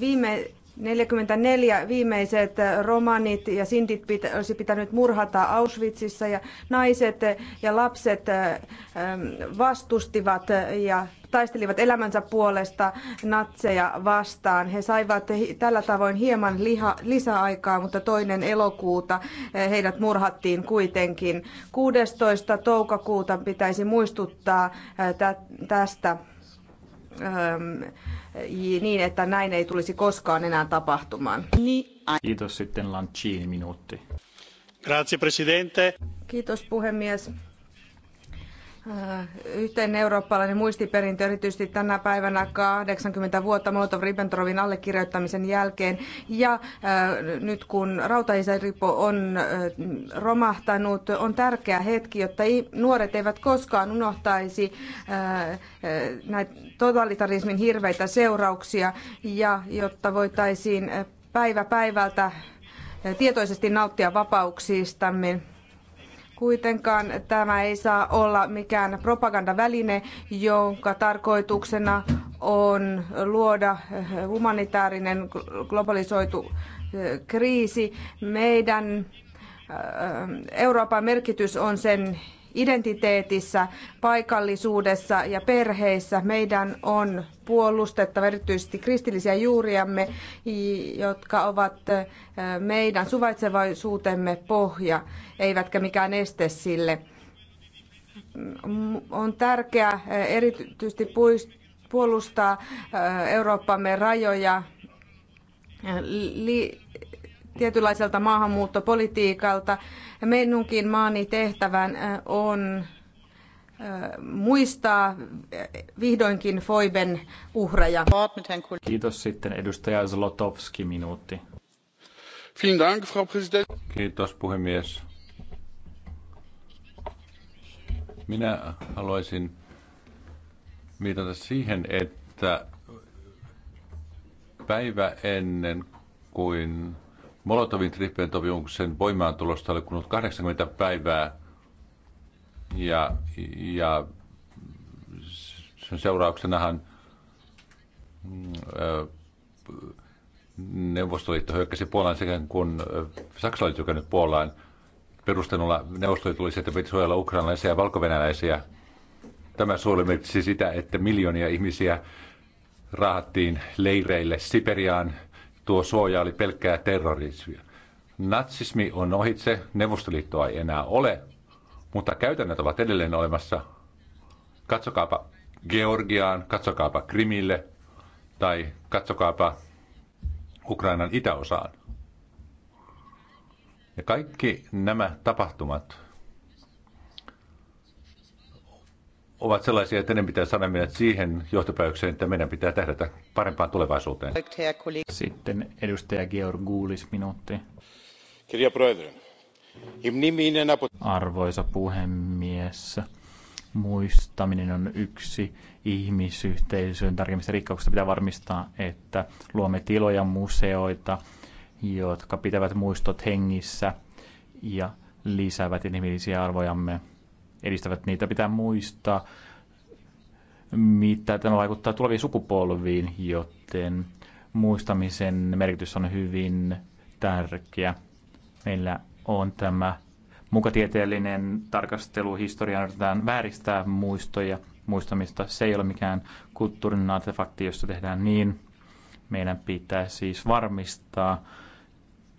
Viime 44 viimeiset romanit ja sintit pitä, olisi pitänyt murhata Auschwitzissa ja naiset ja lapset ähm, vastustivat ja taistelivat elämänsä puolesta natseja vastaan. He saivat tällä tavoin hieman liha, lisäaikaa, mutta toinen elokuuta äh, heidät murhattiin kuitenkin. 16. toukokuuta pitäisi muistuttaa äh, tästä niin, että näin ei tulisi koskaan enää tapahtumaan. Kiitos sitten Lanchiin minuutti. Grazie, presidente. Kiitos puhemies. Äh, yhteinen eurooppalainen muistiperintö erityisesti tänä päivänä 80 vuotta Molotov-Ribbentrovin allekirjoittamisen jälkeen. Ja äh, nyt kun rautaisäripo on äh, romahtanut, on tärkeä hetki, jotta nuoret eivät koskaan unohtaisi näitä totalitarismin hirveitä seurauksia ja jotta voitaisiin päivä päivältä tietoisesti nauttia vapauksistamme Kuitenkaan tämä ei saa olla mikään propagandaväline, jonka tarkoituksena on luoda humanitaarinen globalisoitu eh, kriisi. Meidän eh, Euroopan merkitys on sen identiteetissä, paikallisuudessa ja perheissä. Meidän on puolustettava erityisesti kristillisiä juuriamme, jotka ovat meidän suvaitsevaisuutemme pohja, eivätkä mikään este sille. On tärkeää erityisesti puolustaa Eurooppamme rajoja tietynlaiselta maahanmuuttopolitiikalta. Minunkin maani tehtävän on muistaa vihdoinkin Foiben uhreja. Kiitos sitten edustaja Zlotowski minuutti. Kiitos puhemies. Minä haluaisin viitata siihen, että päivä ennen kuin Molotovin Ribbentrop-Junksen voimaantulosta oli kulunut 80 päivää ja, ja sen seurauksenahan Neuvostoliitto hyökkäsi Puolaan sekä kun Saksa oli tykännyt Puolaan. Perustelulla Neuvostoliitto oli se, että piti suojella ukrainalaisia ja valkovenäläisiä. Tämä suojelu merkitsi sitä, että miljoonia ihmisiä raahattiin leireille Siperiaan, tuo suoja oli pelkkää terrorismia. Natsismi on ohitse, Neuvostoliittoa ei enää ole, mutta käytännöt ovat edelleen olemassa. Katsokaapa Georgiaan, katsokaapa Krimille tai katsokaapa Ukrainan itäosaan. Ja kaikki nämä tapahtumat ovat sellaisia, että ne pitää saada meidät siihen johtopäätökseen, että meidän pitää tähdätä parempaan tulevaisuuteen. Sitten edustaja Georgulis minuutti. Arvoisa puhemies, muistaminen on yksi ihmisyhteisön tärkeimmistä rikkauksista. Pitää varmistaa, että luomme tiloja, museoita, jotka pitävät muistot hengissä ja lisäävät inhimillisiä arvojamme – edistävät niitä. Pitää muistaa, mitä tämä vaikuttaa tuleviin sukupolviin, joten muistamisen merkitys on hyvin tärkeä. Meillä on tämä mukatieteellinen tarkastelu historiaan yritetään vääristää muistoja, muistamista. Se ei ole mikään kulttuurinen artefakti, jossa tehdään niin. Meidän pitää siis varmistaa,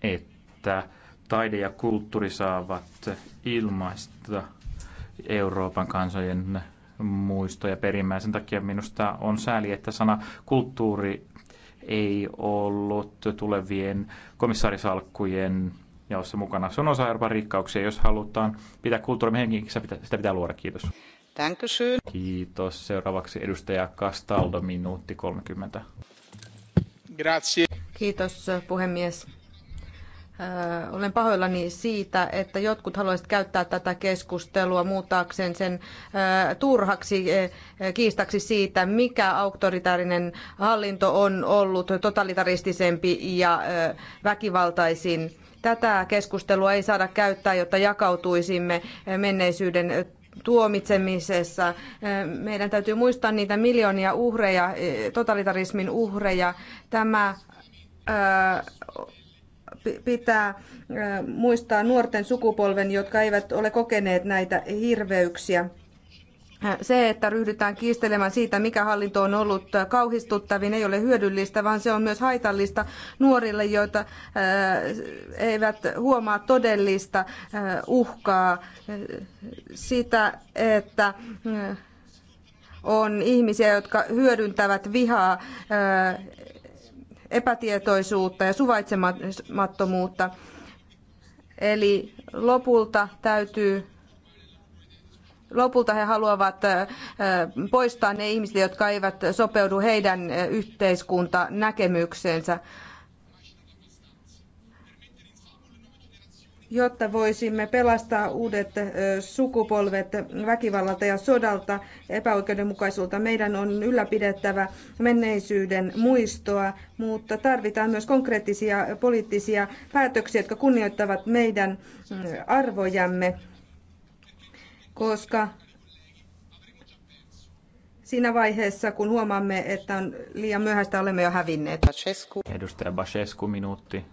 että taide ja kulttuuri saavat ilmaista Euroopan kansojen muistoja perimään. Sen takia minusta on sääli, että sana kulttuuri ei ollut tulevien komissaarisalkkujen jaossa mukana. Se on osa Euroopan rikkauksia. Jos halutaan pitää kulttuurimme henkissä, sitä pitää luoda. Kiitos. Dankeschön. Kiitos. Seuraavaksi edustaja Castaldo, minuutti 30. Grazie. Kiitos puhemies olen pahoillani siitä, että jotkut haluaisivat käyttää tätä keskustelua muuttaakseen sen turhaksi kiistaksi siitä, mikä auktoritaarinen hallinto on ollut totalitaristisempi ja väkivaltaisin. Tätä keskustelua ei saada käyttää, jotta jakautuisimme menneisyyden tuomitsemisessa. Meidän täytyy muistaa niitä miljoonia uhreja, totalitarismin uhreja. Tämä pitää muistaa nuorten sukupolven, jotka eivät ole kokeneet näitä hirveyksiä. Se, että ryhdytään kiistelemään siitä, mikä hallinto on ollut kauhistuttavin, ei ole hyödyllistä, vaan se on myös haitallista nuorille, joita eivät huomaa todellista uhkaa. Sitä, että on ihmisiä, jotka hyödyntävät vihaa epätietoisuutta ja suvaitsemattomuutta. Eli lopulta täytyy lopulta he haluavat poistaa ne ihmiset, jotka eivät sopeudu heidän yhteiskuntanäkemykseensä. jotta voisimme pelastaa uudet sukupolvet väkivallalta ja sodalta, epäoikeudenmukaisuutta. Meidän on ylläpidettävä menneisyyden muistoa, mutta tarvitaan myös konkreettisia poliittisia päätöksiä, jotka kunnioittavat meidän arvojamme, koska siinä vaiheessa, kun huomaamme, että on liian myöhäistä, olemme jo hävinneet. Edustaja Basescu, minuutti.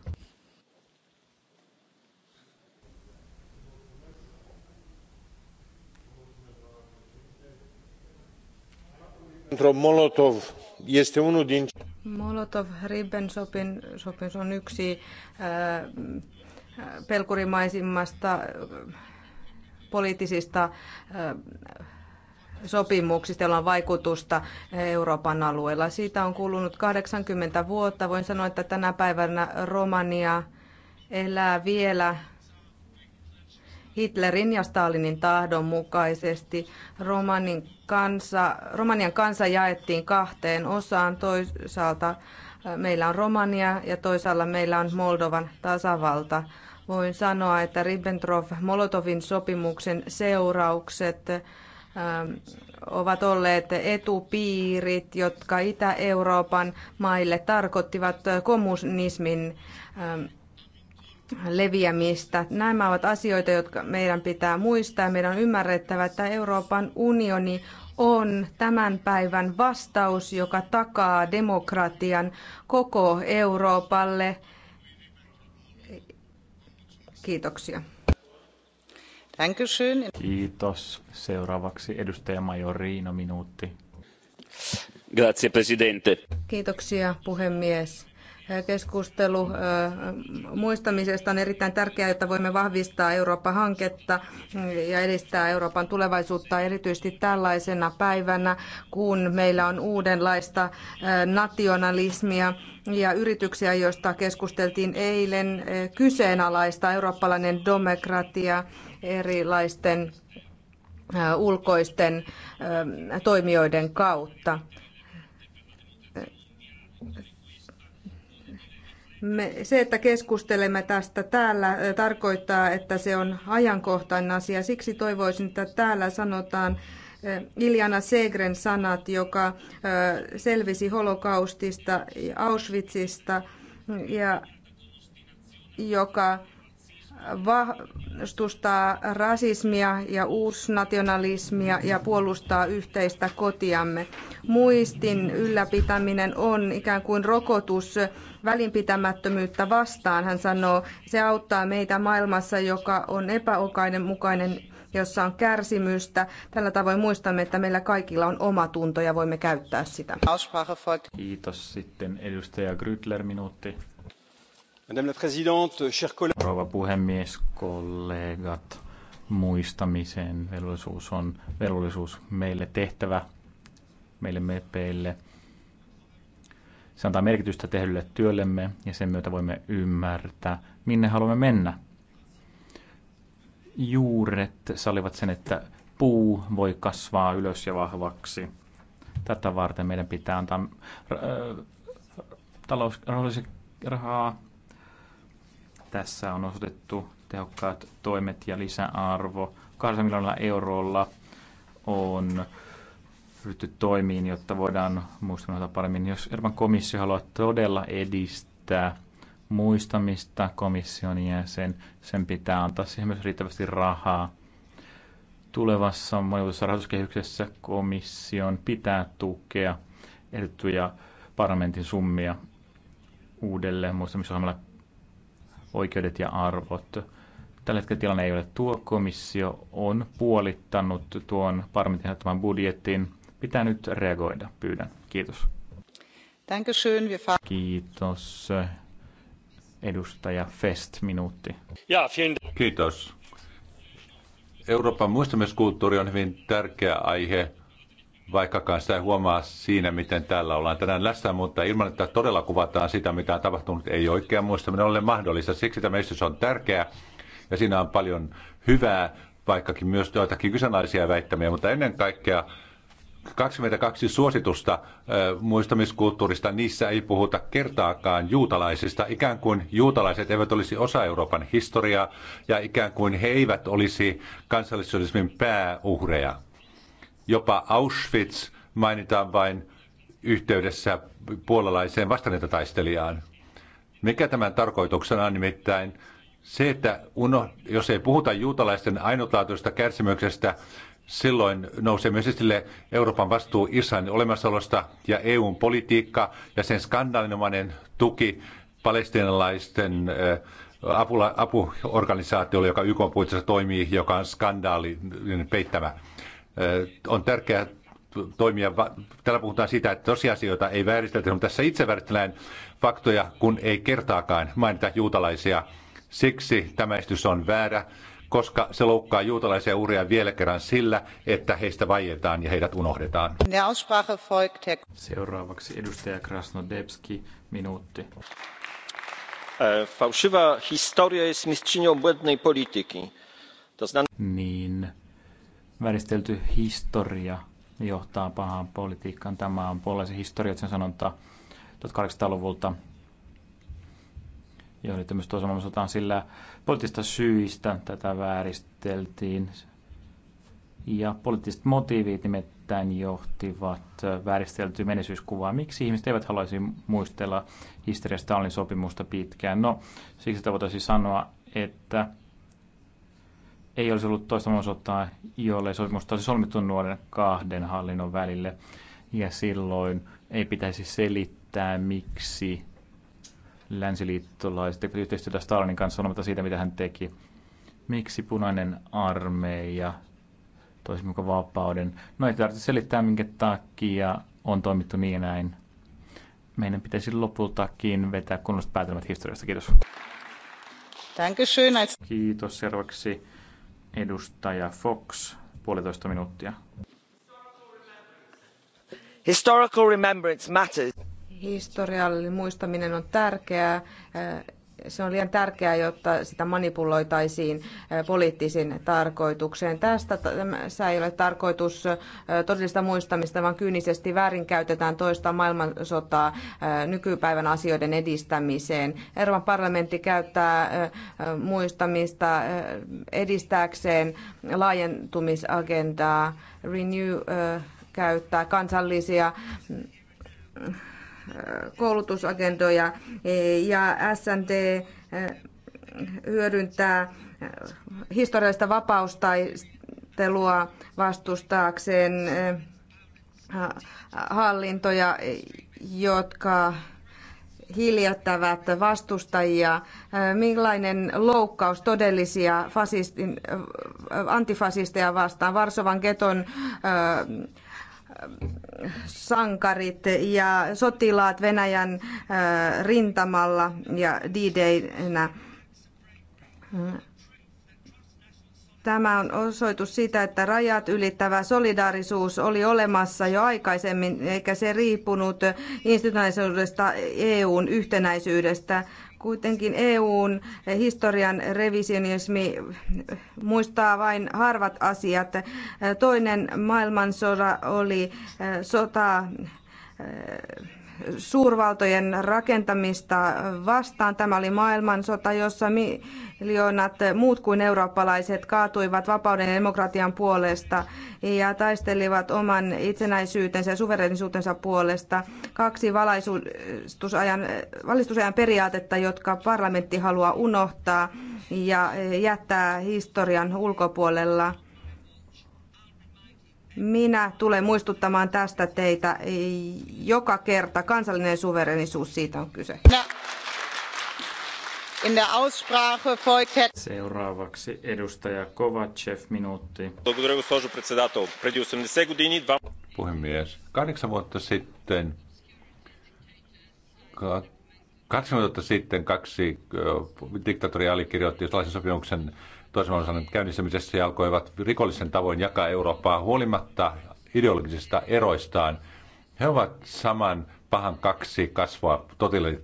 molotov este unul din Molotov-Ribbentropin sopimus on yksi äh, pelkurimaisimmasta äh, poliittisista äh, sopimuksista, joilla on vaikutusta Euroopan alueella. Siitä on kulunut 80 vuotta. Voin sanoa, että tänä päivänä Romania elää vielä Hitlerin ja Stalinin tahdon mukaisesti. Romanin kansa, Romanian kansa jaettiin kahteen osaan. Toisaalta meillä on Romania ja toisaalla meillä on Moldovan tasavalta. Voin sanoa, että Ribbentrop-Molotovin sopimuksen seuraukset ovat olleet etupiirit, jotka Itä-Euroopan maille tarkoittivat kommunismin leviämistä. Nämä ovat asioita, jotka meidän pitää muistaa. Meidän on ymmärrettävä, että Euroopan unioni on tämän päivän vastaus, joka takaa demokratian koko Euroopalle. Kiitoksia. Kiitos. Seuraavaksi edustaja Majoriino minuutti. Grazie, presidente. Kiitoksia, puhemies. Keskustelu muistamisesta on erittäin tärkeää, jotta voimme vahvistaa Euroopan hanketta ja edistää Euroopan tulevaisuutta erityisesti tällaisena päivänä, kun meillä on uudenlaista nationalismia ja yrityksiä, joista keskusteltiin eilen, kyseenalaista eurooppalainen demokratia erilaisten ulkoisten toimijoiden kautta me, se, että keskustelemme tästä täällä, tarkoittaa, että se on ajankohtainen asia. Siksi toivoisin, että täällä sanotaan Iljana Segren sanat, joka selvisi holokaustista, Auschwitzista ja joka vastustaa rasismia ja uusnationalismia ja puolustaa yhteistä kotiamme. Muistin ylläpitäminen on ikään kuin rokotus välinpitämättömyyttä vastaan, hän sanoo. Se auttaa meitä maailmassa, joka on epäokainen mukainen, jossa on kärsimystä. Tällä tavoin muistamme, että meillä kaikilla on oma tunto ja voimme käyttää sitä. Kiitos sitten edustaja Grytler minuutti. Rouva puhemies, kollegat, muistamisen velvollisuus on velvollisuus meille tehtävä, meille mepeille. Se antaa merkitystä tehdylle työllemme ja sen myötä voimme ymmärtää, minne haluamme mennä. Juuret salivat sen, että puu voi kasvaa ylös ja vahvaksi. Tätä varten meidän pitää antaa äh, talous, rahaa tässä on osoitettu tehokkaat toimet ja lisäarvo. 8 miljoonalla eurolla on ryhty toimiin, jotta voidaan muistaa paremmin. Jos Euroopan komissio haluaa todella edistää muistamista komission jäsen, sen pitää antaa siihen myös riittävästi rahaa. Tulevassa monivuotisessa rahoituskehyksessä komission pitää tukea ehdotettuja parlamentin summia uudelleen muistamisohjelmalla oikeudet ja arvot. Tällä hetkellä tilanne ei ole tuo. Komissio on puolittanut tuon parlamentin budjetin. Pitää nyt reagoida, pyydän. Kiitos. Kiitos. Edustaja Fest, minuutti. Kiitos. Euroopan muistamiskulttuuri on hyvin tärkeä aihe vaikkakaan sitä ei huomaa siinä, miten täällä ollaan tänään läsnä, mutta ilman, että todella kuvataan sitä, mitä on tapahtunut, ei oikein muistaminen ole mahdollista. Siksi tämä esitys on tärkeä ja siinä on paljon hyvää, vaikkakin myös joitakin kyseenalaisia väittämiä, mutta ennen kaikkea 22 suositusta muistamiskulttuurista, niissä ei puhuta kertaakaan juutalaisista. Ikään kuin juutalaiset eivät olisi osa Euroopan historiaa ja ikään kuin he eivät olisi kansallisuudismin pääuhreja. Jopa Auschwitz mainitaan vain yhteydessä puolalaiseen vastaneita taistelijaan. Mikä tämän tarkoituksena on nimittäin? Se, että uno, jos ei puhuta juutalaisten ainutlaatuisesta kärsimyksestä, silloin nousee myös esille Euroopan vastuu Israelin olemassaolosta ja EUn politiikka ja sen skandaalinomainen tuki palestinalaisten eh, apula, apuorganisaatiolle, joka YK puitteissa toimii, joka on skandaalin peittämä. On tärkeää toimia. Täällä puhutaan sitä, että tosiasioita ei vääristetä. mutta tässä itse vääristellään faktoja, kun ei kertaakaan mainita juutalaisia. Siksi tämä esitys on väärä, koska se loukkaa juutalaisia uria vielä kerran sillä, että heistä vaietaan ja heidät unohdetaan. Seuraavaksi edustaja Krasnodebski, minuutti. E, fałszywa historia jest mistrzynią błędnej polityki. Niin, väristelty historia johtaa pahaan politiikkaan. Tämä on puolueisen historia, sen sanonta 1800-luvulta, johon liittyy myös tuossa maailmansotaan, sillä poliittisista syistä tätä vääristeltiin. Ja poliittiset motiivit nimittäin johtivat vääristeltyä menisyyskuvaa. Miksi ihmiset eivät haluaisi muistella historiasta Stalin sopimusta pitkään? No, siksi voitaisiin sanoa, että ei olisi ollut toista mahdollisuutta, jolle sopimusta olisi solmittu nuoren kahden hallinnon välille. Ja silloin ei pitäisi selittää, miksi länsiliittolaiset tekivät yhteistyötä Stalinin kanssa sanomatta siitä, mitä hän teki. Miksi punainen armeija toisi mukaan vapauden. No ei tarvitse selittää, minkä takia on toimittu niin ja näin. Meidän pitäisi lopultakin vetää kunnolliset päätelmät historiasta. Kiitos. Kiitos. Seuraavaksi Edustaja Fox, puolitoista minuuttia. Historical remembrance matters historiallinen muistaminen on tärkeää se on liian tärkeää, jotta sitä manipuloitaisiin eh, poliittisiin tarkoitukseen. Tästä tämä, ei ole tarkoitus eh, todellista muistamista, vaan kyynisesti väärinkäytetään toista maailmansotaa eh, nykypäivän asioiden edistämiseen. Euroopan parlamentti käyttää muistamista edistääkseen laajentumisagendaa. Renew käyttää kansallisia mm, koulutusagendoja ja SND eh, hyödyntää eh, historiallista vapaustaistelua vastustaakseen eh, hallintoja, jotka hiljattavat vastustajia. Millainen loukkaus todellisia fasistin, antifasisteja vastaan Varsovan geton äh, sankarit ja sotilaat Venäjän äh, rintamalla ja D-Daynä. Tämä on osoitus siitä, että rajat ylittävä solidaarisuus oli olemassa jo aikaisemmin, eikä se riippunut institutionaalisuudesta EUn yhtenäisyydestä. Kuitenkin EUn historian revisionismi muistaa vain harvat asiat. Toinen maailmansota oli eh, sota eh, suurvaltojen rakentamista vastaan. Tämä oli maailmansota, jossa miljoonat muut kuin eurooppalaiset kaatuivat vapauden ja demokratian puolesta ja taistelivat oman itsenäisyytensä ja suverenisuutensa puolesta. Kaksi valaistusajan, valistusajan periaatetta, jotka parlamentti haluaa unohtaa ja jättää historian ulkopuolella minä tulen muistuttamaan tästä teitä joka kerta. Kansallinen suverenisuus, siitä on kyse. In der Aussprache folgt Seuraavaksi edustaja Kovacev, minuutti. Puhemies, kahdeksan vuotta sitten, kahdeksan vuotta sitten kaksi diktatoria allekirjoitti sellaisen sopimuksen, toisen maailmansodan käynnistämisessä ja alkoivat rikollisen tavoin jakaa Eurooppaa huolimatta ideologisista eroistaan. He ovat saman pahan kaksi kasvoa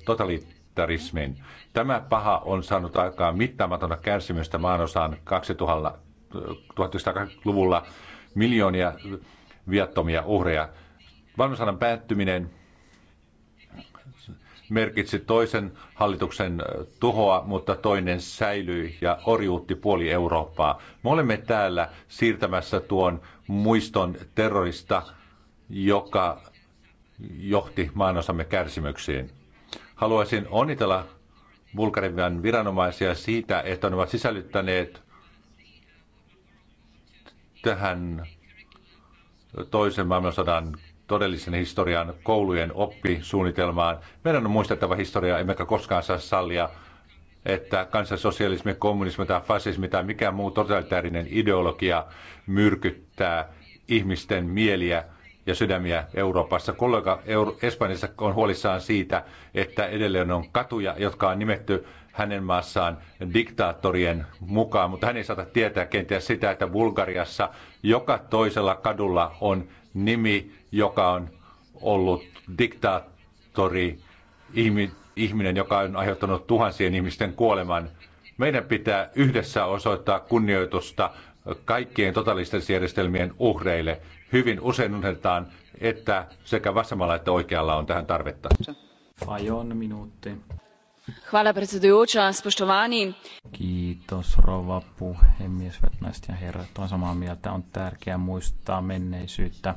totalitarismin. Tämä paha on saanut aikaan mittaamatonta kärsimystä maanosaan 2000, luvulla miljoonia viattomia uhreja. Maailmansodan päättyminen merkitsi toisen hallituksen tuhoa, mutta toinen säilyi ja orjuutti puoli Eurooppaa. Me olemme täällä siirtämässä tuon muiston terrorista, joka johti maanosamme kärsimyksiin. Haluaisin onnitella Bulgarian viranomaisia siitä, että ne ovat sisällyttäneet tähän toisen maailmansodan todellisen historian koulujen oppisuunnitelmaan. Meidän on muistettava historiaa, emmekä koskaan saa sallia, että kansansosialismi, kommunismi tai fasismi tai mikään muu totalitaarinen ideologia myrkyttää ihmisten mieliä ja sydämiä Euroopassa. Kollega Euro- Espanjassa on huolissaan siitä, että edelleen on katuja, jotka on nimetty hänen maassaan diktaattorien mukaan, mutta hän ei saata tietää kenties sitä, että Bulgariassa joka toisella kadulla on nimi joka on ollut diktaattori, ihminen, joka on aiheuttanut tuhansien ihmisten kuoleman. Meidän pitää yhdessä osoittaa kunnioitusta kaikkien totalistisjärjestelmien uhreille. Hyvin usein unohdetaan, että sekä vasemmalla että oikealla on tähän tarvetta. Fajon minuutti. Hvala predsedujoča, spoštovani. Kiitos rouva puhemies, hyvät naiset ja herrat. Olen samaa mieltä, on tärkeää muistaa menneisyyttä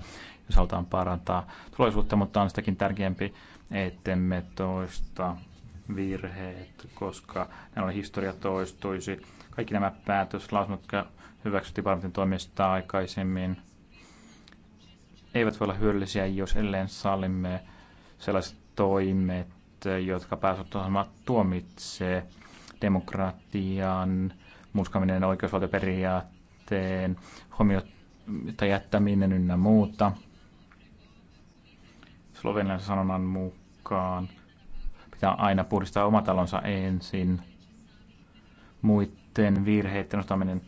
jos halutaan parantaa turvallisuutta, mutta on sitäkin tärkeämpi, ettemme toista virheet, koska näillä historia toistuisi. Kaikki nämä päätöslausunnot, jotka hyväksyttiin parlamentin toimesta aikaisemmin, eivät voi olla hyödyllisiä, jos ellen sallimme sellaiset toimet, jotka pääsotuohjelma tuomitsee demokratian, muskaminen oikeusvaltioperiaatteen, huomiota jättäminen ynnä muuta. Slovenian sanonnan mukaan pitää aina puhdistaa oma talonsa ensin. Muiden virheiden nostaminen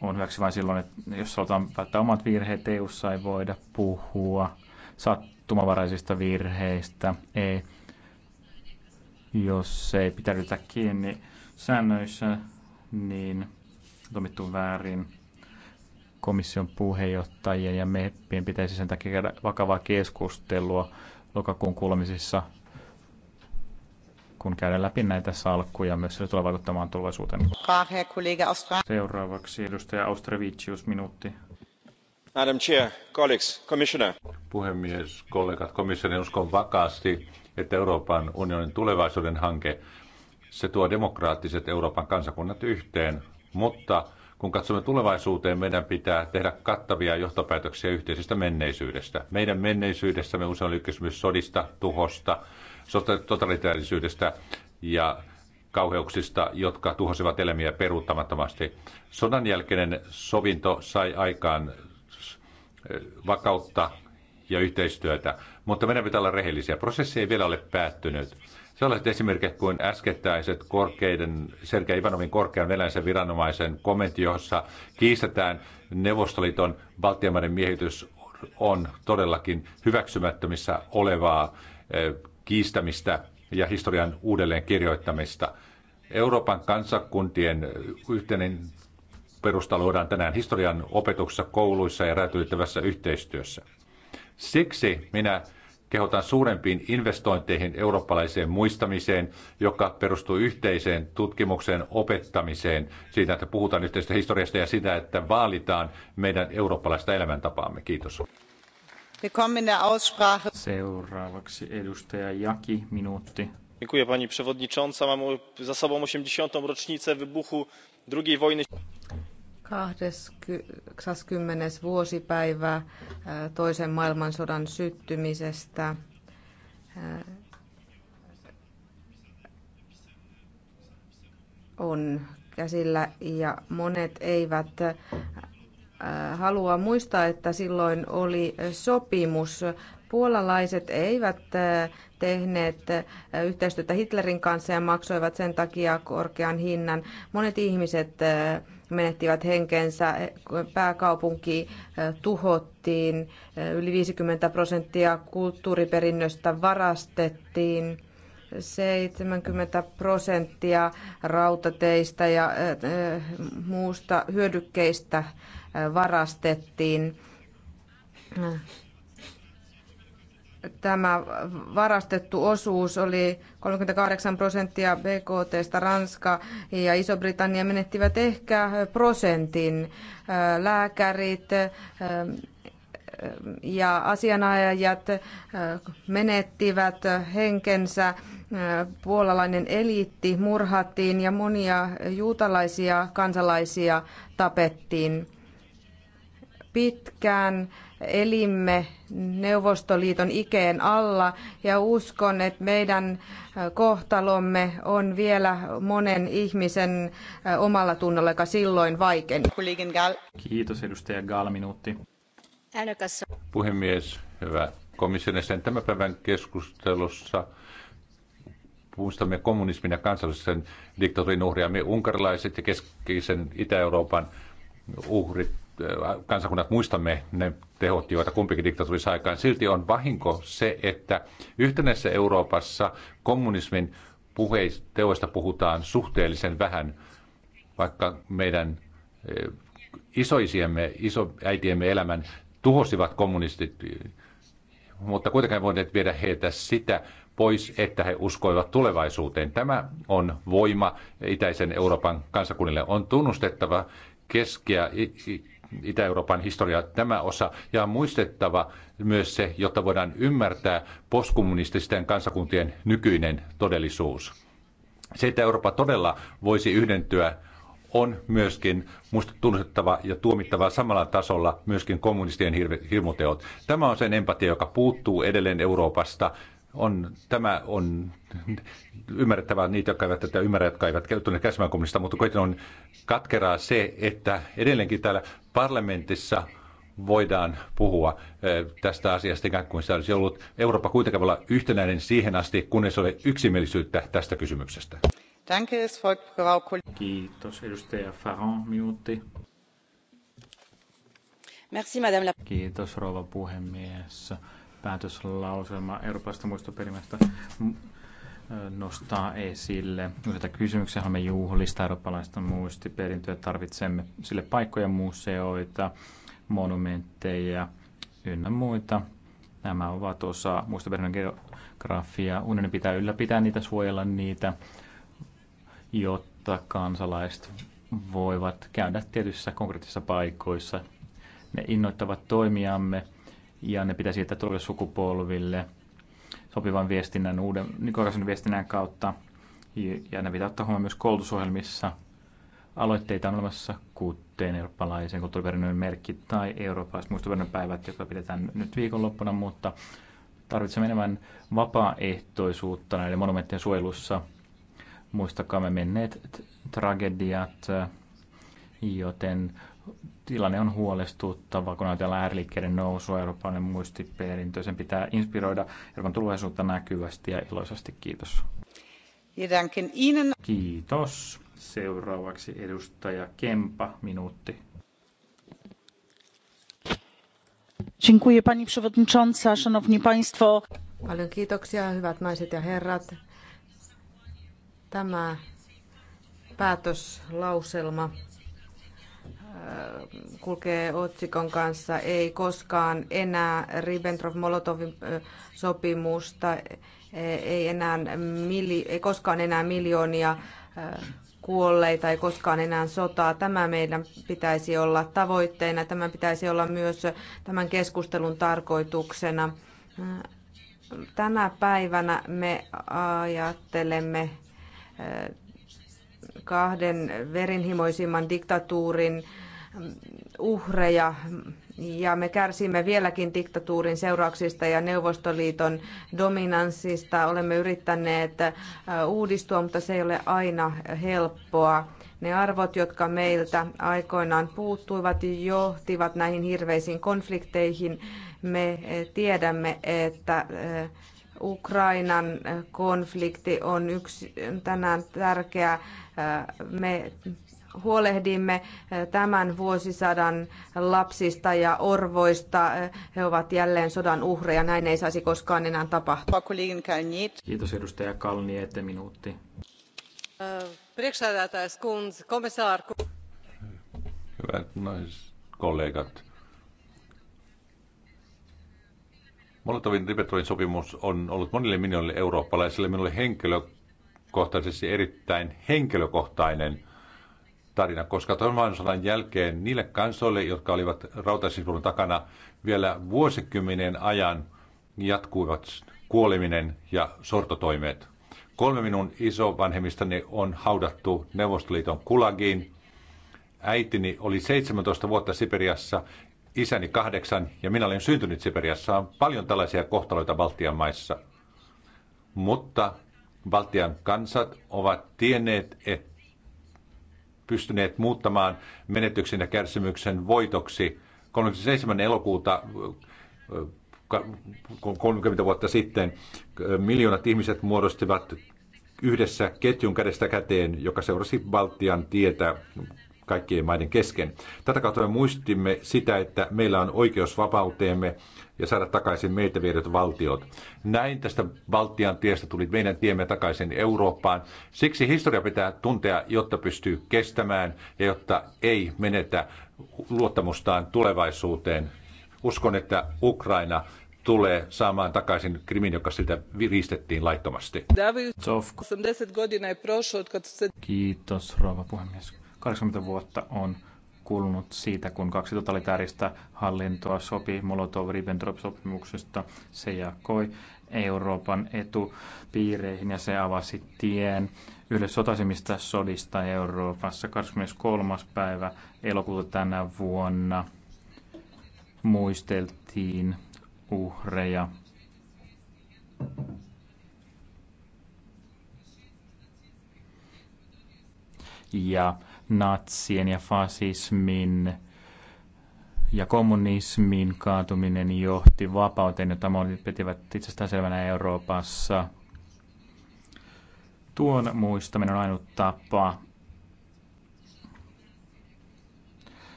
on hyväksi vain silloin, että jos halutaan välttää omat virheet, eu ei voida puhua sattumavaraisista virheistä. Ei. Jos ei pitäydytä kiinni säännöissä, niin toimittu väärin komission puheenjohtajien ja meppien pitäisi sen takia käydä vakavaa keskustelua lokakuun kuulemisissa, kun käydään läpi näitä salkkuja, myös se tulee vaikuttamaan tulevaisuuteen. Seuraavaksi edustaja Austrevicius, minuutti. Madam Chair, colleagues, Commissioner. Puhemies, kollegat, komissioni uskon vakaasti, että Euroopan unionin tulevaisuuden hanke, se tuo demokraattiset Euroopan kansakunnat yhteen, mutta kun katsomme tulevaisuuteen, meidän pitää tehdä kattavia johtopäätöksiä yhteisestä menneisyydestä. Meidän me usein oli kysymys sodista, tuhosta, totalitaarisyydestä ja kauheuksista, jotka tuhosivat elämiä peruuttamattomasti. Sodan jälkeinen sovinto sai aikaan eh, vakautta ja yhteistyötä, mutta meidän pitää olla rehellisiä. Prosessi ei vielä ole päättynyt. Sellaiset esimerkit kuin äskettäiset korkeiden, Sergei Ivanovin korkean venäläisen viranomaisen kommentti, jossa kiistetään Neuvostoliiton Baltian miehitys, on todellakin hyväksymättömissä olevaa eh, kiistämistä ja historian uudelleen kirjoittamista. Euroopan kansakuntien eh, yhteinen perusta luodaan tänään historian opetuksessa, kouluissa ja räätyyttävässä yhteistyössä. Siksi minä kehotan suurempiin investointeihin eurooppalaiseen muistamiseen, joka perustuu yhteiseen tutkimukseen, opettamiseen, siitä, että puhutaan yhteisestä historiasta ja sitä, että vaalitaan meidän eurooppalaista elämäntapaamme. Kiitos. Seuraavaksi edustaja Jaki, minuutti. Dziękuję pani przewodnicząca. Mamy za sobą 80. rocznicę wybuchu II wojny. 20. vuosipäivä äh, toisen maailmansodan syttymisestä. Äh, on käsillä ja monet eivät äh, halua muistaa, että silloin oli sopimus. Puolalaiset eivät tehneet yhteistyötä Hitlerin kanssa ja maksoivat sen takia korkean hinnan. Monet ihmiset menettivät henkensä. Pääkaupunki eh, tuhottiin, eh, yli 50 prosenttia kulttuuriperinnöstä varastettiin. 70 prosenttia rautateistä ja eh, muusta hyödykkeistä varastettiin tämä varastettu osuus oli 38 prosenttia BKT, Ranska ja Iso-Britannia menettivät ehkä prosentin. Lääkärit ja asianajajat menettivät henkensä. Puolalainen eliitti murhattiin ja monia juutalaisia kansalaisia tapettiin pitkään elimme Neuvostoliiton ikeen alla ja uskon, että meidän kohtalomme on vielä monen ihmisen omalla tunnolla, joka silloin vaikeni. Kiitos edustaja Gal, minuutti. Puhemies, hyvä komission jäsen. Tämän päivän keskustelussa puhustamme kommunismin ja kansallisen diktatuurin uhria. Me unkarilaiset ja keskisen Itä-Euroopan uhrit kansakunnat muistamme ne tehot, joita kumpikin diktatuuri sai aikaan. Silti on vahinko se, että yhtenässä Euroopassa kommunismin puheista, teoista puhutaan suhteellisen vähän, vaikka meidän eh, isoisiemme, isoäitiemme elämän tuhosivat kommunistit, mutta kuitenkaan voineet viedä heitä sitä pois, että he uskoivat tulevaisuuteen. Tämä on voima itäisen Euroopan kansakunnille. On tunnustettava keskiä Itä-Euroopan historiaa tämä osa. Ja on muistettava myös se, jotta voidaan ymmärtää postkommunististen kansakuntien nykyinen todellisuus. Se, että Eurooppa todella voisi yhdentyä, on myöskin musta tunnustettava ja tuomittava samalla tasolla myöskin kommunistien hirmuteot. Tämä on sen empatia, joka puuttuu edelleen Euroopasta on, tämä on ymmärrettävää niitä, jotka eivät tätä ymmärrä, jotka eivät käyttäne käsimään kommunista, mutta kuitenkin on katkeraa se, että edelleenkin täällä parlamentissa voidaan puhua eh, tästä asiasta ikään kuin se olisi ollut Eurooppa kuitenkin voi olla yhtenäinen siihen asti, kunnes ole yksimielisyyttä tästä kysymyksestä. Kiitos. Edustaja Farron, minuutti. Merci, madame la... Kiitos, rouva puhemies päätöslauselma Euroopasta muistoperimästä mm, nostaa esille useita kysymyksiä. Me juhlista eurooppalaista muistiperintöä tarvitsemme sille paikkoja, museoita, monumentteja ynnä muita. Nämä ovat osa muistoperinnön geografiaa. Unionin pitää ylläpitää niitä, suojella niitä, jotta kansalaiset voivat käydä tietyissä konkreettisissa paikoissa. Ne innoittavat toimijamme ja ne pitäisi siirtää tuolle sukupolville sopivan viestinnän, uuden nykyaikaisen viestinnän kautta. Ja ne pitää ottaa huomioon myös koulutusohjelmissa. Aloitteita on olemassa kuten eurooppalaisen kulttuuriperinnön merkki tai eurooppalaiset muistoperinnön päivät, jotka pidetään nyt viikonloppuna, mutta tarvitsemme enemmän vapaaehtoisuutta näiden monumenttien suojelussa. Muistakaa me menneet tragediat, joten tilanne on huolestuttava, kun ajatellaan ääriliikkeiden nousua, eurooppalainen muistiperintö. Sen pitää inspiroida Euroopan tulevaisuutta näkyvästi ja iloisesti. Kiitos. Kiitos. Seuraavaksi edustaja Kempa, minuutti. Dziękuję pani przewodnicząca, szanowni państwo. Paljon kiitoksia, hyvät naiset ja herrat. Tämä päätöslauselma kulkee otsikon kanssa ei koskaan enää Ribbentrop-Molotovin sopimusta, ei, enää, ei koskaan enää miljoonia kuolleita, ei koskaan enää sotaa. Tämä meidän pitäisi olla tavoitteena, tämän pitäisi olla myös tämän keskustelun tarkoituksena. Tänä päivänä me ajattelemme kahden verinhimoisimman diktatuurin uhreja ja me kärsimme vieläkin diktatuurin seurauksista ja Neuvostoliiton dominanssista. Olemme yrittäneet äh, uudistua, mutta se ei ole aina helppoa. Ne arvot, jotka meiltä aikoinaan puuttuivat, johtivat näihin hirveisiin konflikteihin. Me tiedämme, että äh, Ukrainan eh, konflikti on yksi eh, tänään tärkeä. Eh, me huolehdimme tämän vuosisadan lapsista ja orvoista. He ovat jälleen sodan uhreja. Näin ei saisi koskaan enää tapahtua. Kiitos edustaja Kalni, ette minuutti. Hyvät naiset, kollegat. Molotovin-Ribbentroin sopimus on ollut monille miljoonille eurooppalaisille minulle henkilökohtaisesti erittäin henkilökohtainen tarina, koska toisen maailmansodan jälkeen niille kansoille, jotka olivat rautaisirun takana vielä vuosikymmenen ajan, jatkuivat kuoleminen ja sortotoimet. Kolme minun isovanhemmistani on haudattu Neuvostoliiton kulagiin. Äitini oli 17 vuotta Siperiassa isäni kahdeksan ja minä olen syntynyt Siperiassa. On paljon tällaisia kohtaloita Baltian maissa. Mutta Baltian kansat ovat tienneet, että pystyneet muuttamaan menetyksen ja kärsimyksen voitoksi. 37. elokuuta 30 vuotta sitten miljoonat ihmiset muodostivat yhdessä ketjun kädestä käteen, joka seurasi Baltian tietä kaikkien maiden kesken. Tätä kautta me muistimme sitä, että meillä on oikeus vapauteemme ja saada takaisin meitä viedyt valtiot. Näin tästä Baltian tiestä tuli meidän tiemme takaisin Eurooppaan. Siksi historia pitää tuntea, jotta pystyy kestämään ja jotta ei menetä luottamustaan tulevaisuuteen. Uskon, että Ukraina tulee saamaan takaisin Krimin, joka siltä riistettiin laittomasti. Kiitos, rouva puhemies. 80 vuotta on kulunut siitä, kun kaksi totalitaarista hallintoa sopi Molotov-Ribbentrop-sopimuksesta. Se jakoi Euroopan etupiireihin ja se avasi tien yhden sotaisimmista sodista Euroopassa 23. päivä elokuuta tänä vuonna muisteltiin uhreja. Ja natsien ja fasismin ja kommunismin kaatuminen johti vapauteen, jota monet pitivät itsestäänselvänä Euroopassa. Tuon muistaminen on ainut tapa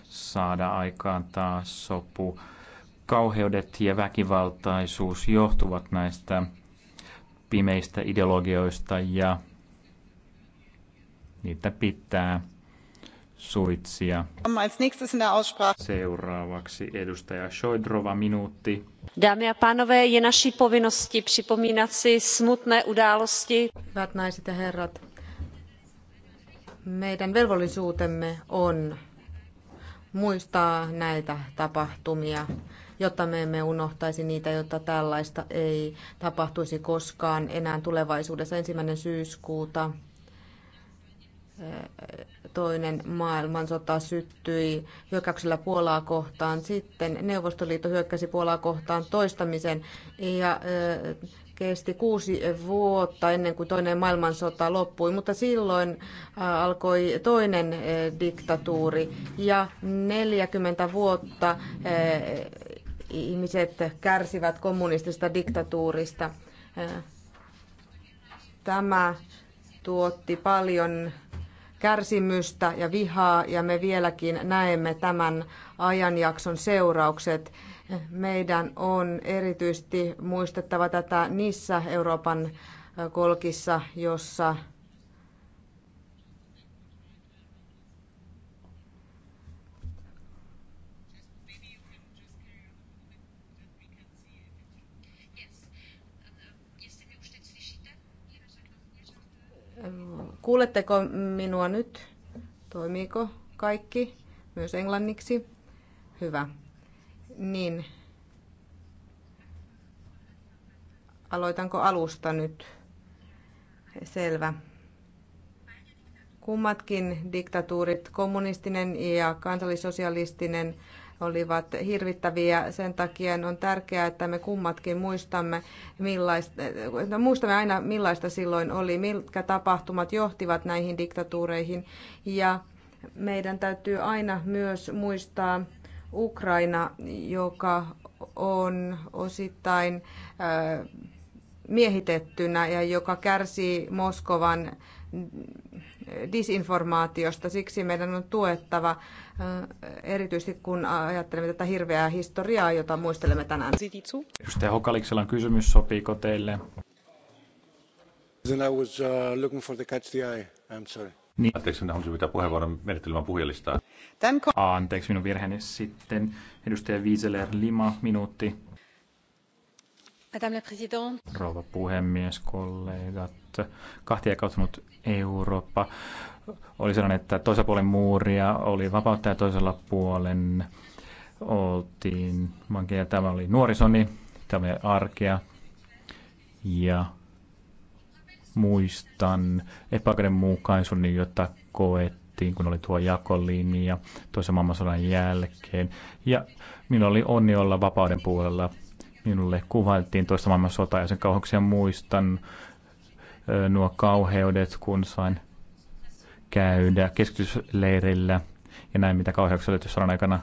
saada aikaan taas sopu. Kauheudet ja väkivaltaisuus johtuvat näistä pimeistä ideologioista ja niitä pitää suitsia. Seuraavaksi edustaja Šojdrova minuutti. Dámy a pánové, je naší povinnosti připomínat si smutné události. Hyvät naiset ja herrat, meidän velvollisuutemme on muistaa näitä tapahtumia, jotta me emme unohtaisi niitä, jotta tällaista ei tapahtuisi koskaan enää tulevaisuudessa. Ensimmäinen syyskuuta toinen maailmansota syttyi hyökkäyksellä Puolaa kohtaan. Sitten Neuvostoliitto hyökkäsi Puolaa kohtaan toistamisen ja kesti kuusi vuotta ennen kuin toinen maailmansota loppui, mutta silloin alkoi toinen diktatuuri ja 40 vuotta ihmiset kärsivät kommunistista diktatuurista. Tämä tuotti paljon kärsimystä ja vihaa ja me vieläkin näemme tämän ajanjakson seuraukset. Meidän on erityisesti muistettava tätä niissä Euroopan kolkissa, jossa Kuuletteko minua nyt? Toimiiko kaikki? Myös englanniksi? Hyvä. Niin. Aloitanko alusta nyt? Selvä. Kummatkin diktatuurit, kommunistinen ja kansallissosialistinen, olivat hirvittäviä. Sen takia on tärkeää, että me kummatkin muistamme, millaista, muistamme aina millaista silloin oli, mitkä tapahtumat johtivat näihin diktatuureihin. Ja meidän täytyy aina myös muistaa Ukraina, joka on osittain miehitettynä ja joka kärsii Moskovan disinformaatiosta. Siksi meidän on tuettava, äh, erityisesti kun ajattelemme tätä hirveää historiaa, jota muistelemme tänään. Edustaja Hokaliksella on kysymys, sopiiko teille? Then I was uh, looking for the catch the eye. I'm sorry. Niin. Anteeksi, minä haluaisin pitää puheenvuoron menettelemään puhujalistaa. ko- Anteeksi, minun virheeni sitten. Edustaja Wieseler Lima, minuutti. Madame la Présidente. Rouva puhemies, kollegat. Kahtia kautunut Eurooppa oli sellainen, että toisella puolen muuria oli vapautta ja toisella puolen oltiin vankeja. Tämä oli nuorisoni, tämä oli arkea ja muistan epäoikeudenmukaisuuden, jota koettiin, kun oli tuo jakolinja toisen maailmansodan jälkeen. Ja minulla oli onni olla vapauden puolella. Minulle kuvailtiin toista maailmansotaa ja sen kauhuksia muistan nuo kauheudet, kun sain käydä keskitysleirillä ja näin mitä kauheuksia löytyy sodan aikana.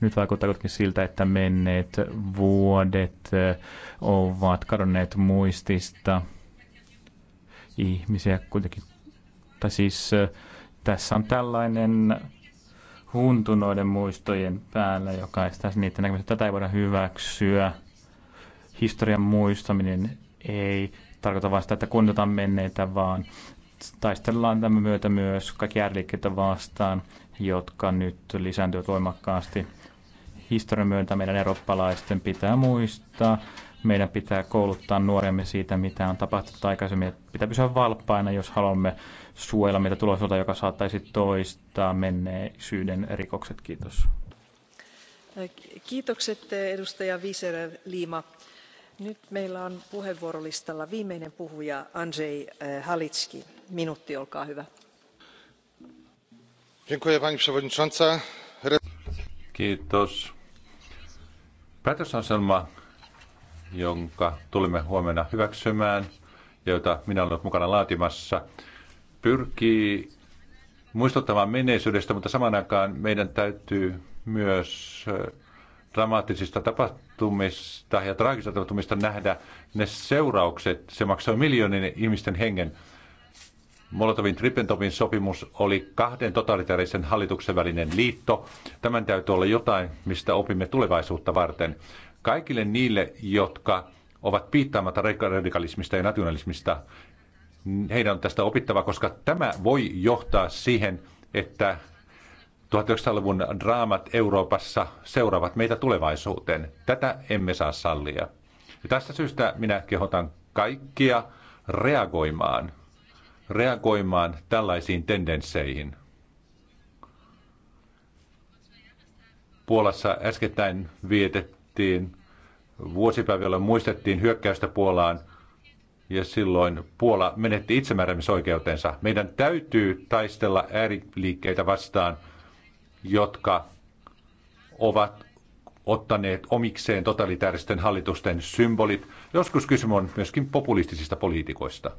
Nyt vaikuttaa kuitenkin siltä, että menneet vuodet ovat kadonneet muistista ihmisiä kuitenkin. Tai siis tässä on tällainen huntunoiden muistojen päällä, joka estää niiden näkemistä. Tätä ei voida hyväksyä. Historian muistaminen ei tarkoita vasta, että kunnioitetaan menneitä, vaan taistellaan tämän myötä myös kaikki ääriliikkeitä vastaan, jotka nyt lisääntyvät voimakkaasti. Historian myötä meidän eurooppalaisten pitää muistaa, meidän pitää kouluttaa nuoremme siitä, mitä on tapahtunut aikaisemmin. Pitää pysyä valppaina, jos haluamme suojella meitä tulosolta, joka saattaisi toistaa menneisyyden rikokset. Kiitos. Kiitokset edustaja Viserer Liima nyt meillä on puheenvuorolistalla viimeinen puhuja andrzej eh, halicki minuutti olkaa hyvä. pani przewodnicząca! Kiitos. jonka tulemme huomenna hyväksymään ja jota minä olen mukana laatimassa, pyrkii muistuttamaan menneisyydestä, mutta samaan aikaan meidän täytyy myös eh, dramaattisista tapahtumista tapahtumista ja traagisista tapahtumista nähdä ne seuraukset. Se maksoi miljoonien ihmisten hengen. Molotovin Trippentopin sopimus oli kahden totalitaarisen hallituksen välinen liitto. Tämän täytyy olla jotain, mistä opimme tulevaisuutta varten. Kaikille niille, jotka ovat piittaamatta radikalismista ja nationalismista, heidän on tästä opittava, koska tämä voi johtaa siihen, että 1900-luvun draamat Euroopassa seuraavat meitä tulevaisuuteen. Tätä emme saa sallia. Ja tästä syystä minä kehotan kaikkia reagoimaan, reagoimaan tällaisiin tendensseihin. Puolassa äskettäin vietettiin vuosipäivällä muistettiin hyökkäystä Puolaan ja silloin Puola menetti itsemääräämisoikeutensa. Meidän täytyy taistella ääriliikkeitä vastaan – jotka ovat ottaneet omikseen totalitaaristen hallitusten symbolit. Joskus kysymys on myöskin populistisista poliitikoista.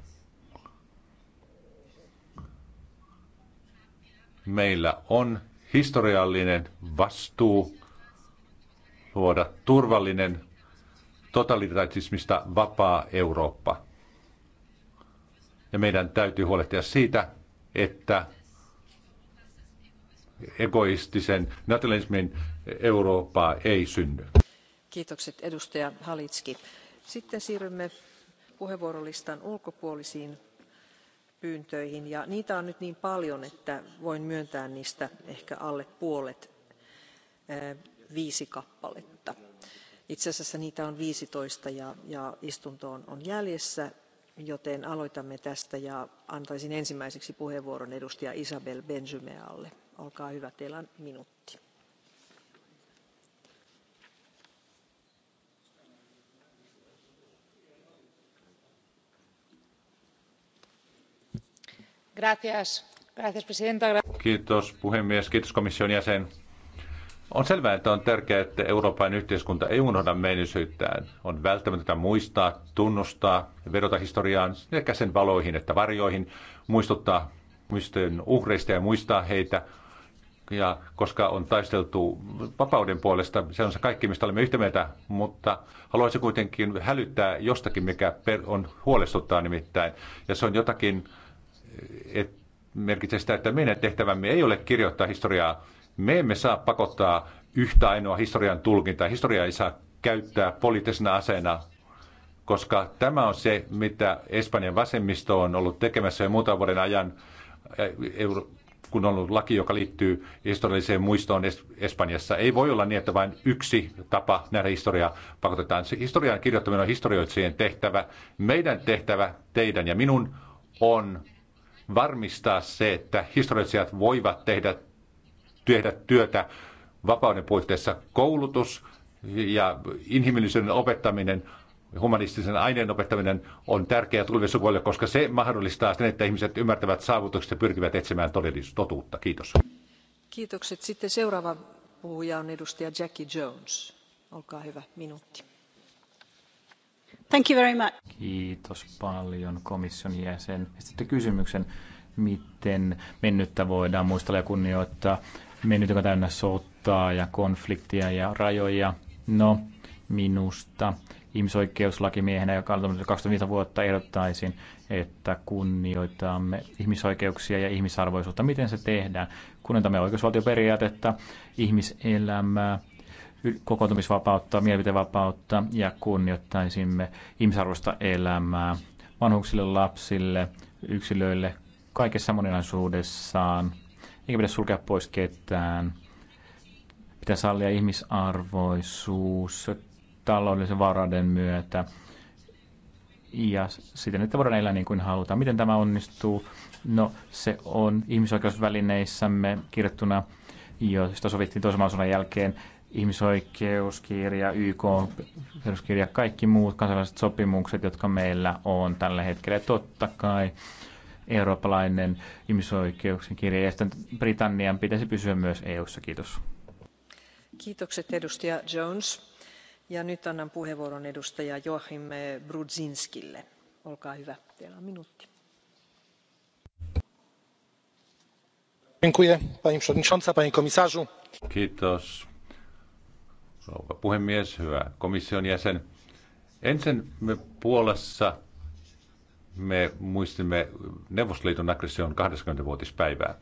Meillä on historiallinen vastuu luoda turvallinen totalitarismista vapaa Eurooppa. Ja meidän täytyy huolehtia siitä, että egoistisen nationalismin Eurooppaa ei synny. Kiitokset edustaja Halitski. Sitten siirrymme puheenvuorolistan ulkopuolisiin pyyntöihin ja niitä on nyt niin paljon, että voin myöntää niistä ehkä alle puolet eh, viisi kappaletta. Itse asiassa niitä on 15 ja, ja istunto on, on jäljessä, joten aloitamme tästä ja antaisin ensimmäiseksi puheenvuoron edustaja Isabel Benjumealle Olkaa hyvä, teillä on minuutti. Kiitos puhemies, kiitos komission jäsen. On selvää, että on tärkeää, että Euroopan yhteiskunta ei unohda menneisyyttään. On välttämätöntä muistaa, tunnustaa ja vedota historiaan sekä sen valoihin että varjoihin, muistuttaa muistojen uhreista ja muistaa heitä, ja koska on taisteltu vapauden puolesta, se on se kaikki, mistä olemme yhtä mieltä, mutta haluaisin kuitenkin hälyttää jostakin, mikä on huolestuttaa nimittäin. Ja se on jotakin, että merkitsee sitä, että meidän tehtävämme ei ole kirjoittaa historiaa. Me emme saa pakottaa yhtä ainoa historian tulkintaa. Historia ei saa käyttää poliittisena aseena koska tämä on se, mitä Espanjan vasemmisto on ollut tekemässä jo muutaman vuoden ajan euro- kun on ollut laki, joka liittyy historialliseen muistoon Espanjassa. Ei voi olla niin, että vain yksi tapa nähdä historiaa pakotetaan. Se historian kirjoittaminen on historioitsijien tehtävä. Meidän tehtävä, teidän ja minun, on varmistaa se, että historioitsijat voivat tehdä, tehdä työtä vapauden puitteissa. Koulutus ja inhimillisyyden opettaminen humanistisen aineen opettaminen on tärkeää tuleville sukupolville, koska se mahdollistaa sen, että ihmiset ymmärtävät saavutukset ja pyrkivät etsimään todellisuutta. totuutta. Kiitos. Kiitokset. Sitten seuraava puhuja on edustaja Jackie Jones. Olkaa hyvä, minuutti. Thank you very much. Kiitos paljon komission jäsen. Sitten kysymyksen, miten mennyttä voidaan muistella ja kunnioittaa. Mennyt, joka täynnä sotaa ja konfliktia ja rajoja. No, minusta ihmisoikeuslakimiehenä, joka on 25 vuotta, ehdottaisin, että kunnioitamme ihmisoikeuksia ja ihmisarvoisuutta. Miten se tehdään? Kunnioitamme oikeusvaltioperiaatetta, ihmiselämää, kokoontumisvapautta, mielipitevapautta ja kunnioittaisimme ihmisarvoista elämää vanhuksille, lapsille, yksilöille, kaikessa moninaisuudessaan. Eikä pidä sulkea pois ketään. Pitää sallia ihmisarvoisuus taloudellisen varauden myötä ja siten, että voidaan elää niin kuin halutaan. Miten tämä onnistuu? No se on ihmisoikeusvälineissämme kirjattuna, josta sovittiin toisen maailmansodan jälkeen ihmisoikeuskirja, YK, peruskirja, kaikki muut kansainväliset sopimukset, jotka meillä on tällä hetkellä. Totta kai eurooppalainen ihmisoikeuksien kirja ja sitten Britannian pitäisi pysyä myös EU-ssa. Kiitos. Kiitokset edustaja Jones ja nyt annan puheenvuoron edustaja joachim brudzinskille. olkaa hyvä teillä minuutti. pani przewodnicząca! panie komisarzu! kiitos rouva puhemies hyvä komission jäsen ensin me puolassa me muistimme neuvostoliiton aggression 20 vuotispäivää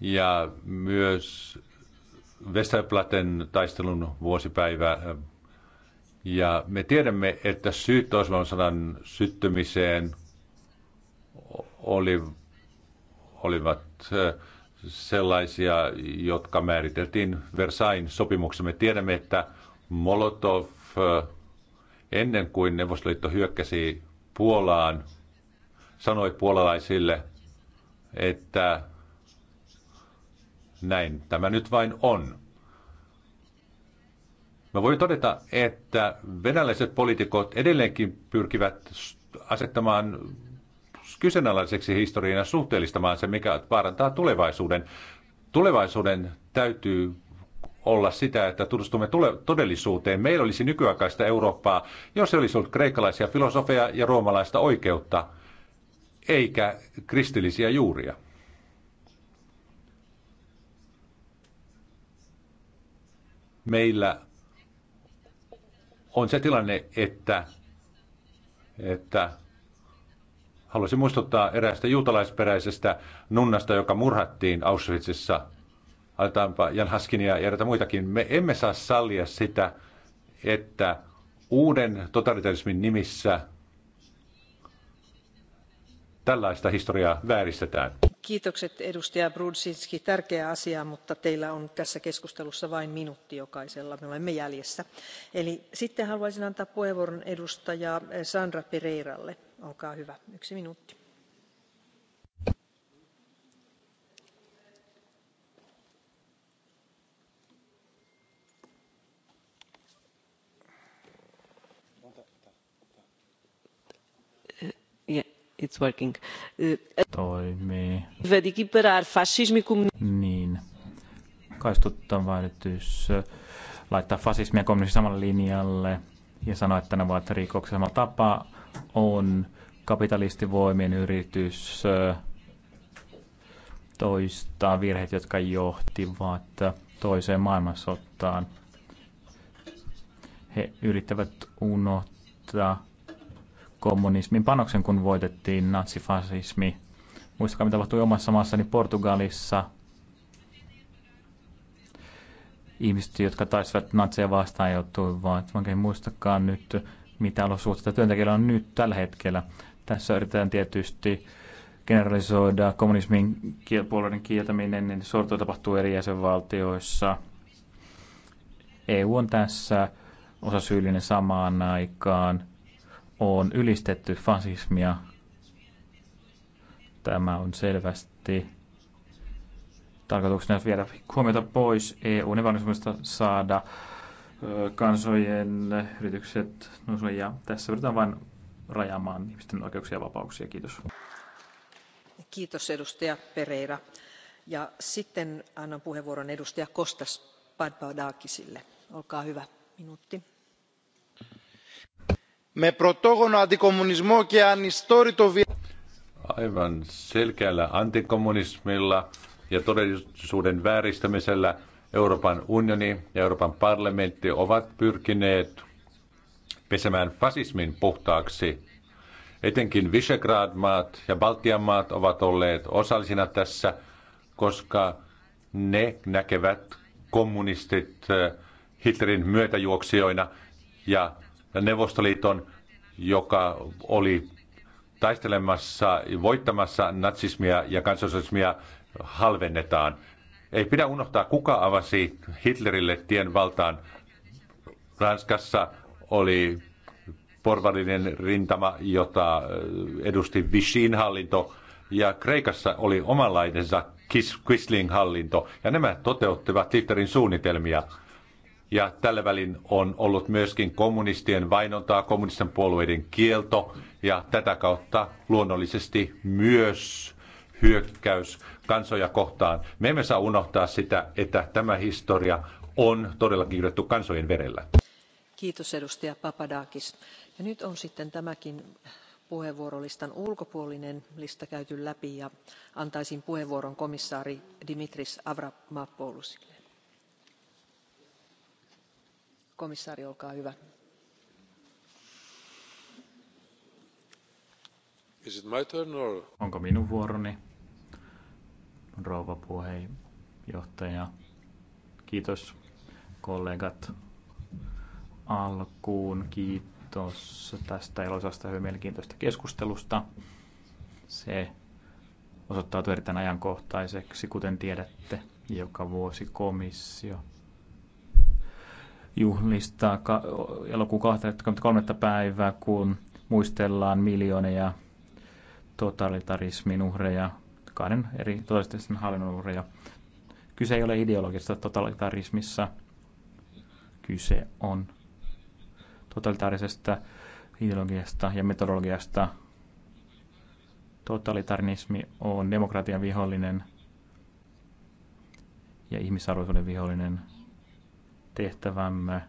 ja myös Westerplatten taistelun vuosipäivä. Ja me tiedämme, että syyt toisen sanan syttymiseen oli, olivat sellaisia, jotka määriteltiin Versailles sopimuksessa. Me tiedämme, että Molotov ennen kuin Neuvostoliitto hyökkäsi Puolaan, sanoi puolalaisille, että näin tämä nyt vain on. Mä voin todeta, että venäläiset poliitikot edelleenkin pyrkivät asettamaan kyseenalaiseksi historian ja suhteellistamaan se, mikä vaarantaa tulevaisuuden. Tulevaisuuden täytyy olla sitä, että tutustumme tule- todellisuuteen. Meillä olisi nykyaikaista Eurooppaa, jos se olisi ollut kreikkalaisia filosofeja ja roomalaista oikeutta, eikä kristillisiä juuria. meillä on se tilanne, että, että haluaisin muistuttaa eräästä juutalaisperäisestä nunnasta, joka murhattiin Auschwitzissa. Aletaanpa Jan Haskinia ja eräitä muitakin. Me emme saa sallia sitä, että uuden totalitarismin nimissä tällaista historiaa vääristetään kiitokset edustaja brudzinski tärkeää asiaa mutta teillä on tässä keskustelussa vain minuutti jokaisella me olemme jäljessä. eli sitten haluaisin antaa puheenvuoron edustaja sandra pereiralle olkaa hyvä yksi minuutti. it's working. Uh, Toimii. Niin. Kaistuttava yritys laittaa fasismia ja kommunismi samalle linjalle ja sanoa, että nämä ovat rikoksia. Samalla tapa on kapitalistivoimien yritys toistaa virheet, jotka johtivat toiseen maailmansotaan. He yrittävät unohtaa kommunismin panoksen, kun voitettiin natsifasismi. Muistakaa, mitä tapahtui omassa maassani Portugalissa. Ihmiset, jotka taisivat natseja vastaan, joutuivat että Muistakaa nyt, mitä olosuhteita työntekijöillä on nyt tällä hetkellä. Tässä yritetään tietysti generalisoida kommunismin puolueiden kieltäminen, niin sorto tapahtuu eri jäsenvaltioissa. EU on tässä osa syyllinen samaan aikaan on ylistetty fasismia. Tämä on selvästi tarkoituksena viedä huomiota pois eu nevallisuudesta saada kansojen yritykset nousua. Ja tässä yritetään vain rajaamaan ihmisten oikeuksia ja vapauksia. Kiitos. Kiitos edustaja Pereira. Ja sitten annan puheenvuoron edustaja Kostas Padbaudakisille. Olkaa hyvä, minuutti me protogono antikommunismo και ανιστόρητο Aivan selkeällä antikommunismilla ja todellisuuden vääristämisellä Euroopan unioni ja Euroopan parlamentti ovat pyrkineet pesemään fasismin puhtaaksi. Etenkin Visegrad-maat ja Baltian maat ovat olleet osallisina tässä, koska ne näkevät kommunistit eh, Hitlerin myötäjuoksijoina ja Neuvostoliiton, joka oli taistelemassa, voittamassa natsismia ja kansallismia halvennetaan. Ei pidä unohtaa, kuka avasi Hitlerille tien valtaan. Ranskassa oli porvarillinen rintama, jota äh, edusti Vichyin hallinto, ja Kreikassa oli omanlaisensa Quisling hallinto, ja nämä toteuttivat Hitlerin suunnitelmia – ja tällä välin on ollut myöskin kommunistien vainontaa, kommunisten puolueiden kielto ja tätä kautta luonnollisesti myös hyökkäys kansoja kohtaan. Me emme saa unohtaa sitä, että tämä historia on todellakin kirjoitettu kansojen verellä. Kiitos edustaja Papadakis. Ja nyt on sitten tämäkin puheenvuorolistan ulkopuolinen lista käyty läpi ja antaisin puheenvuoron komissaari Dimitris Avramopoulosille komissaari olkaa hyvä. Is Onko minun vuoroni? Rouva Kiitos kollegat alkuun. Kiitos tästä elosasta hyvin mielenkiintoista keskustelusta. Se osoittautui erittäin ajankohtaiseksi, kuten tiedätte, joka vuosi komissio juhlistaa elokuun 23. päivää, kun muistellaan miljooneja totalitarismin uhreja, kahden eri totalitarismin hallinnon uhreja. Kyse ei ole ideologisesta totalitarismissa, kyse on totalitaarisesta ideologiasta ja metodologiasta. Totalitarismi on demokratian vihollinen ja ihmisarvoisuuden vihollinen – tehtävämme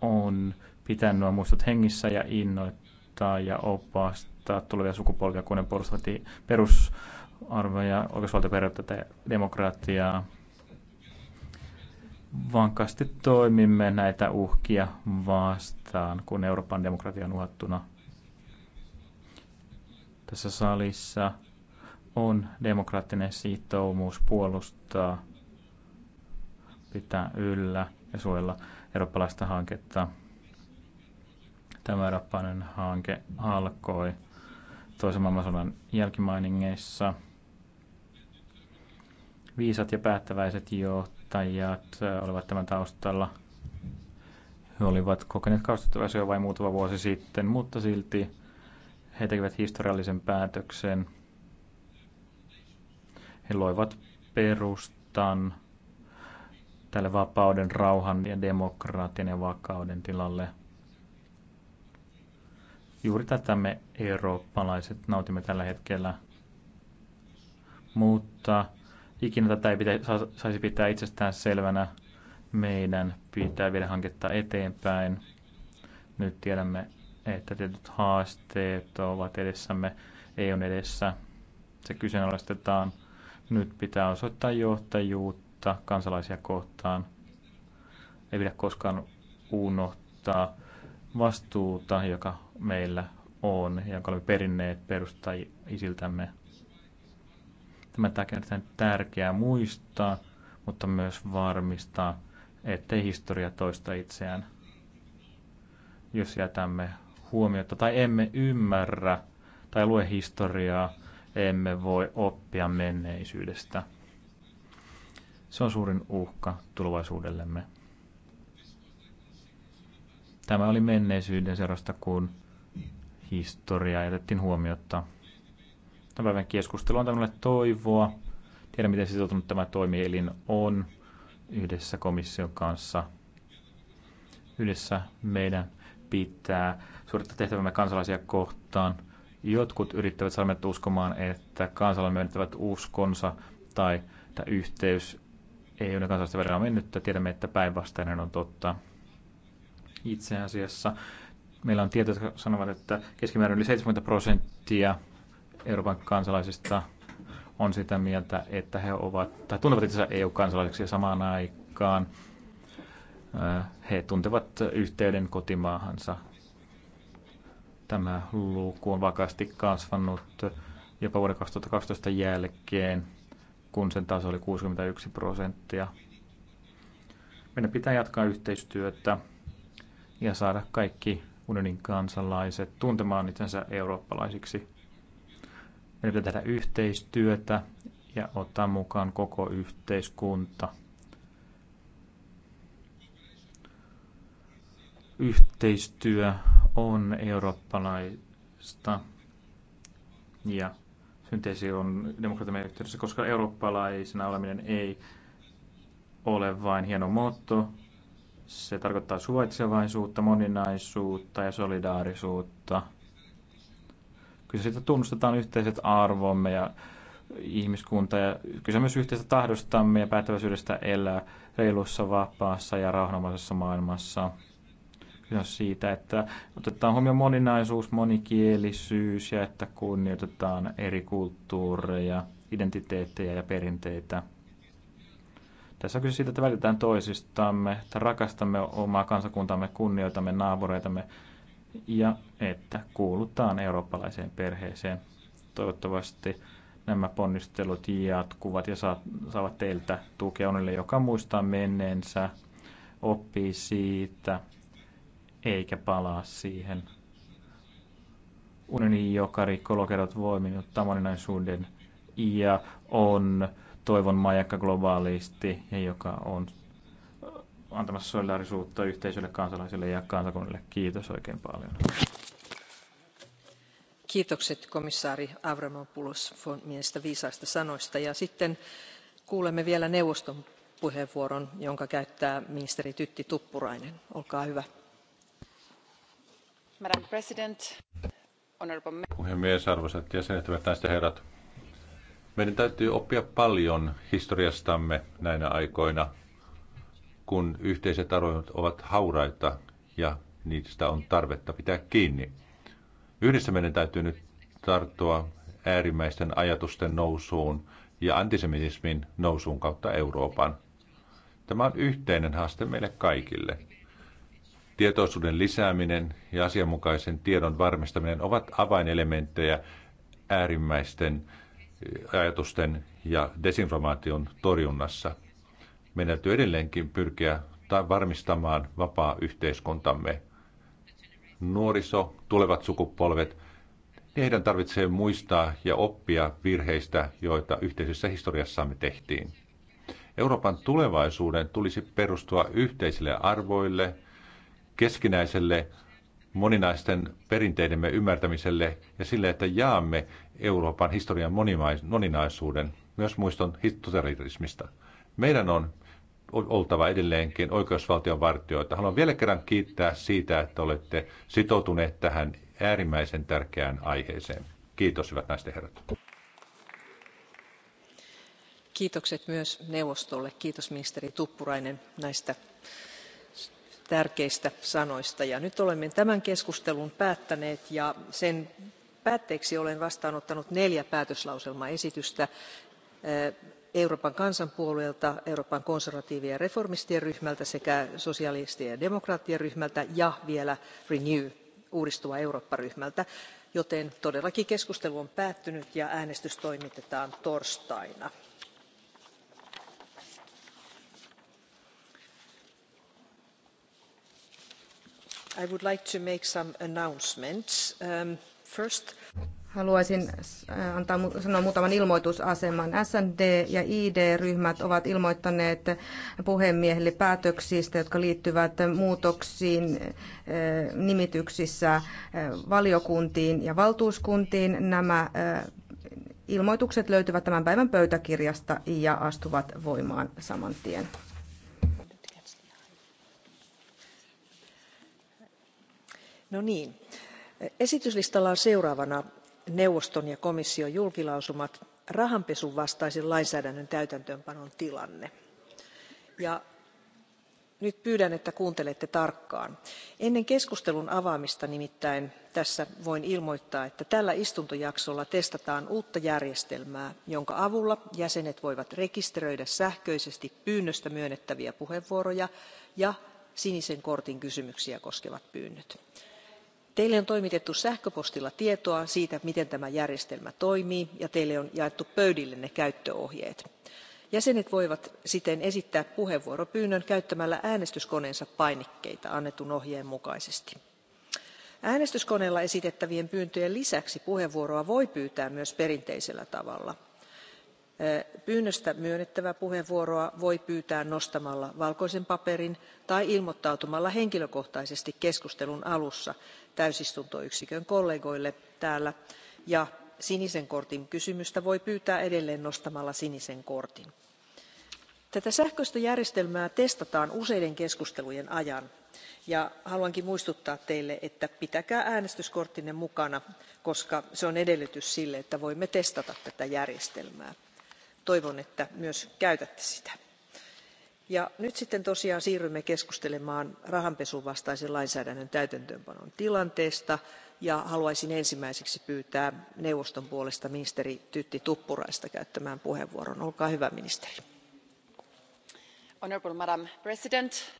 on pitää nuo muistot hengissä ja innoittaa ja opastaa tulevia sukupolvia, kun ne puolustavat perusarvoja, oikeusvaltioperiaatteita ja demokratiaa. Vankasti toimimme näitä uhkia vastaan, kun Euroopan demokratia on uhattuna. Tässä salissa on demokraattinen sitoumus puolustaa pitää yllä ja suojella eurooppalaista hanketta. Tämä eurooppalainen hanke alkoi toisen maailmansodan jälkimainingeissa. Viisat ja päättäväiset johtajat äh, olivat tämän taustalla. He olivat kokeneet kaustettavaisia jo vain muutama vuosi sitten, mutta silti he tekivät historiallisen päätöksen. He loivat perustan tälle vapauden, rauhan ja demokratian ja vakauden tilalle. Juuri tätä me eurooppalaiset nautimme tällä hetkellä. Mutta ikinä tätä ei pitä, saisi pitää itsestään selvänä. Meidän pitää viedä hanketta eteenpäin. Nyt tiedämme, että tietyt haasteet ovat edessämme, ei on edessä. Se kyseenalaistetaan. Nyt pitää osoittaa johtajuutta kunnioitusta kansalaisia kohtaan. Ei pidä koskaan unohtaa vastuuta, joka meillä on, jonka olemme perinneet perustajisiltämme. Tämä on tärkeää muistaa, mutta myös varmistaa, ettei historia toista itseään. Jos jätämme huomiota tai emme ymmärrä tai lue historiaa, emme voi oppia menneisyydestä. Se on suurin uhka tulevaisuudellemme. Tämä oli menneisyyden seurasta, kun historia jätettiin huomiota. Tämän päivän keskustelu on tämmöinen toivoa. Tiedän, miten sitoutunut tämä toimielin on yhdessä komission kanssa. Yhdessä meidän pitää suorittaa tehtävämme kansalaisia kohtaan. Jotkut yrittävät saada uskomaan, että kansalainen myöntävät uskonsa tai että yhteys ei ole kansallista verran mennyt, tiedämme, että päinvastainen on totta. Itse asiassa meillä on tietoja, jotka sanovat, että keskimäärin yli 70 prosenttia Euroopan kansalaisista on sitä mieltä, että he ovat, tai tuntevat itsensä EU-kansalaisiksi samaan aikaan äh, he tuntevat yhteyden kotimaahansa. Tämä luku on vakaasti kasvanut jopa vuoden 2012 jälkeen kun sen taso oli 61 prosenttia. Meidän pitää jatkaa yhteistyötä ja saada kaikki unionin kansalaiset tuntemaan itsensä eurooppalaisiksi. Meidän pitää tehdä yhteistyötä ja ottaa mukaan koko yhteiskunta. Yhteistyö on eurooppalaista ja synteesi on demokratian yhteydessä, koska eurooppalaisena oleminen ei ole vain hieno motto. Se tarkoittaa suvaitsevaisuutta, moninaisuutta ja solidaarisuutta. Kyllä siitä tunnustetaan yhteiset arvomme ja ihmiskunta ja kyse myös yhteistä tahdostamme ja päättäväisyydestä elää reilussa, vapaassa ja rauhanomaisessa maailmassa siitä, että otetaan huomioon moninaisuus, monikielisyys ja että kunnioitetaan eri kulttuureja, identiteettejä ja perinteitä. Tässä on kyse siitä, että välitetään toisistamme, että rakastamme omaa kansakuntamme, kunnioitamme naapureitamme ja että kuulutaan eurooppalaiseen perheeseen. Toivottavasti nämä ponnistelut jatkuvat ja saavat teiltä tukea onnille, joka muistaa menneensä, oppii siitä – eikä palaa siihen. Unioni, joka rikkoo lokerot voimin, ottaa moninaisuuden ja on toivon majakka globaalisti ja joka on äh, antamassa solidaarisuutta yhteisölle, kansalaisille ja kansakunnille. Kiitos oikein paljon. Kiitokset komissaari Avramopoulos niistä viisaista sanoista. Ja sitten kuulemme vielä neuvoston puheenvuoron, jonka käyttää ministeri Tytti Tuppurainen. Olkaa hyvä. Madam President, honorable... Puhemies, arvoisat jäsenet, hyvät naiset ja herrat. Meidän täytyy oppia paljon historiastamme näinä aikoina, kun yhteiset arvot ovat hauraita ja niistä on tarvetta pitää kiinni. Yhdessä meidän täytyy nyt tarttua äärimmäisten ajatusten nousuun ja antisemitismin nousuun kautta Euroopan. Tämä on yhteinen haaste meille kaikille. Tietoisuuden lisääminen ja asianmukaisen tiedon varmistaminen ovat avainelementtejä äärimmäisten eh, ajatusten ja desinformaation torjunnassa. Meidän täytyy edelleenkin pyrkiä varmistamaan vapaa yhteiskuntamme. Nuoriso, tulevat sukupolvet, heidän tarvitsee muistaa ja oppia virheistä, joita yhteisessä historiassamme tehtiin. Euroopan tulevaisuuden tulisi perustua yhteisille arvoille – keskinäiselle moninaisten perinteidemme ymmärtämiselle ja sille, että jaamme Euroopan historian moninaisuuden, myös muiston totalitarismista. Meidän on oltava edelleenkin oikeusvaltion vartioita. Haluan vielä kerran kiittää siitä, että olette sitoutuneet tähän äärimmäisen tärkeään aiheeseen. Kiitos, hyvät naisten herrat. Kiitokset myös neuvostolle. Kiitos ministeri Tuppurainen näistä tärkeistä sanoista. Ja nyt olemme tämän keskustelun päättäneet ja sen päätteeksi olen vastaanottanut neljä päätöslauselmaesitystä eh, euroopan kansanpuolueelta euroopan konservatiivien ja reformistien ryhmältä sekä sosialistien ja demokraattien ryhmältä ja vielä renew uudistuva eurooppa ryhmältä joten todellakin keskustelu on päättynyt ja äänestys toimitetaan torstaina. I would like to make some announcements. Um, first, Haluaisin äh, antaa, sanoa muutaman ilmoitusaseman. SD ja ID-ryhmät ovat ilmoittaneet puhemiehelle päätöksistä, jotka liittyvät muutoksiin äh, nimityksissä äh, valiokuntiin ja valtuuskuntiin. Nämä ilmoitukset löytyvät tämän päivän pöytäkirjasta ja astuvat voimaan saman tien. No niin. esityslistalla on seuraavana neuvoston ja komission julkilausumat rahanpesun vastaisen lainsäädännön täytäntöönpanon tilanne. Ja nyt pyydän että kuuntelette tarkkaan. ennen keskustelun avaamista nimittäin tässä voin ilmoittaa että tällä istuntojaksolla testataan uutta järjestelmää jonka avulla jäsenet voivat rekisteröidä sähköisesti pyynnöstä myönnettäviä puheenvuoroja ja sinisen kortin kysymyksiä koskevat pyynnöt teille on toimitettu sähköpostilla tietoa siitä miten tämä järjestelmä toimii ja teille on jaettu pöydillenne käyttöohjeet. jäsenet voivat siten esittää puheenvuoropyynnön käyttämällä äänestyskoneensa painikkeita annetun ohjeen mukaisesti. äänestyskoneella esitettävien pyyntöjen lisäksi puheenvuoroa voi pyytää myös perinteisellä tavalla. pyynnöstä myönnettävää puheenvuoroa voi pyytää nostamalla valkoisen paperin tai ilmoittautumalla henkilökohtaisesti keskustelun alussa täysistuntoyksikön kollegoille täällä ja sinisen kortin kysymystä voi pyytää edelleen nostamalla sinisen kortin. tätä sähköistä järjestelmää testataan useiden keskustelujen ajan ja haluankin muistuttaa teille että pitäkää äänestyskorttinne mukana koska se on edellytys sille että voimme testata tätä järjestelmää. toivon että myös käytätte sitä. Ja nyt sitten tosiaan siirrymme keskustelemaan rahanpesun vastaisen lainsäädännön täytäntöönpanon tilanteesta ja haluaisin ensimmäiseksi pyytää neuvoston puolesta ministeri tytti tuppuraista käyttämään puheenvuoron. olkaa hyvä ministeri.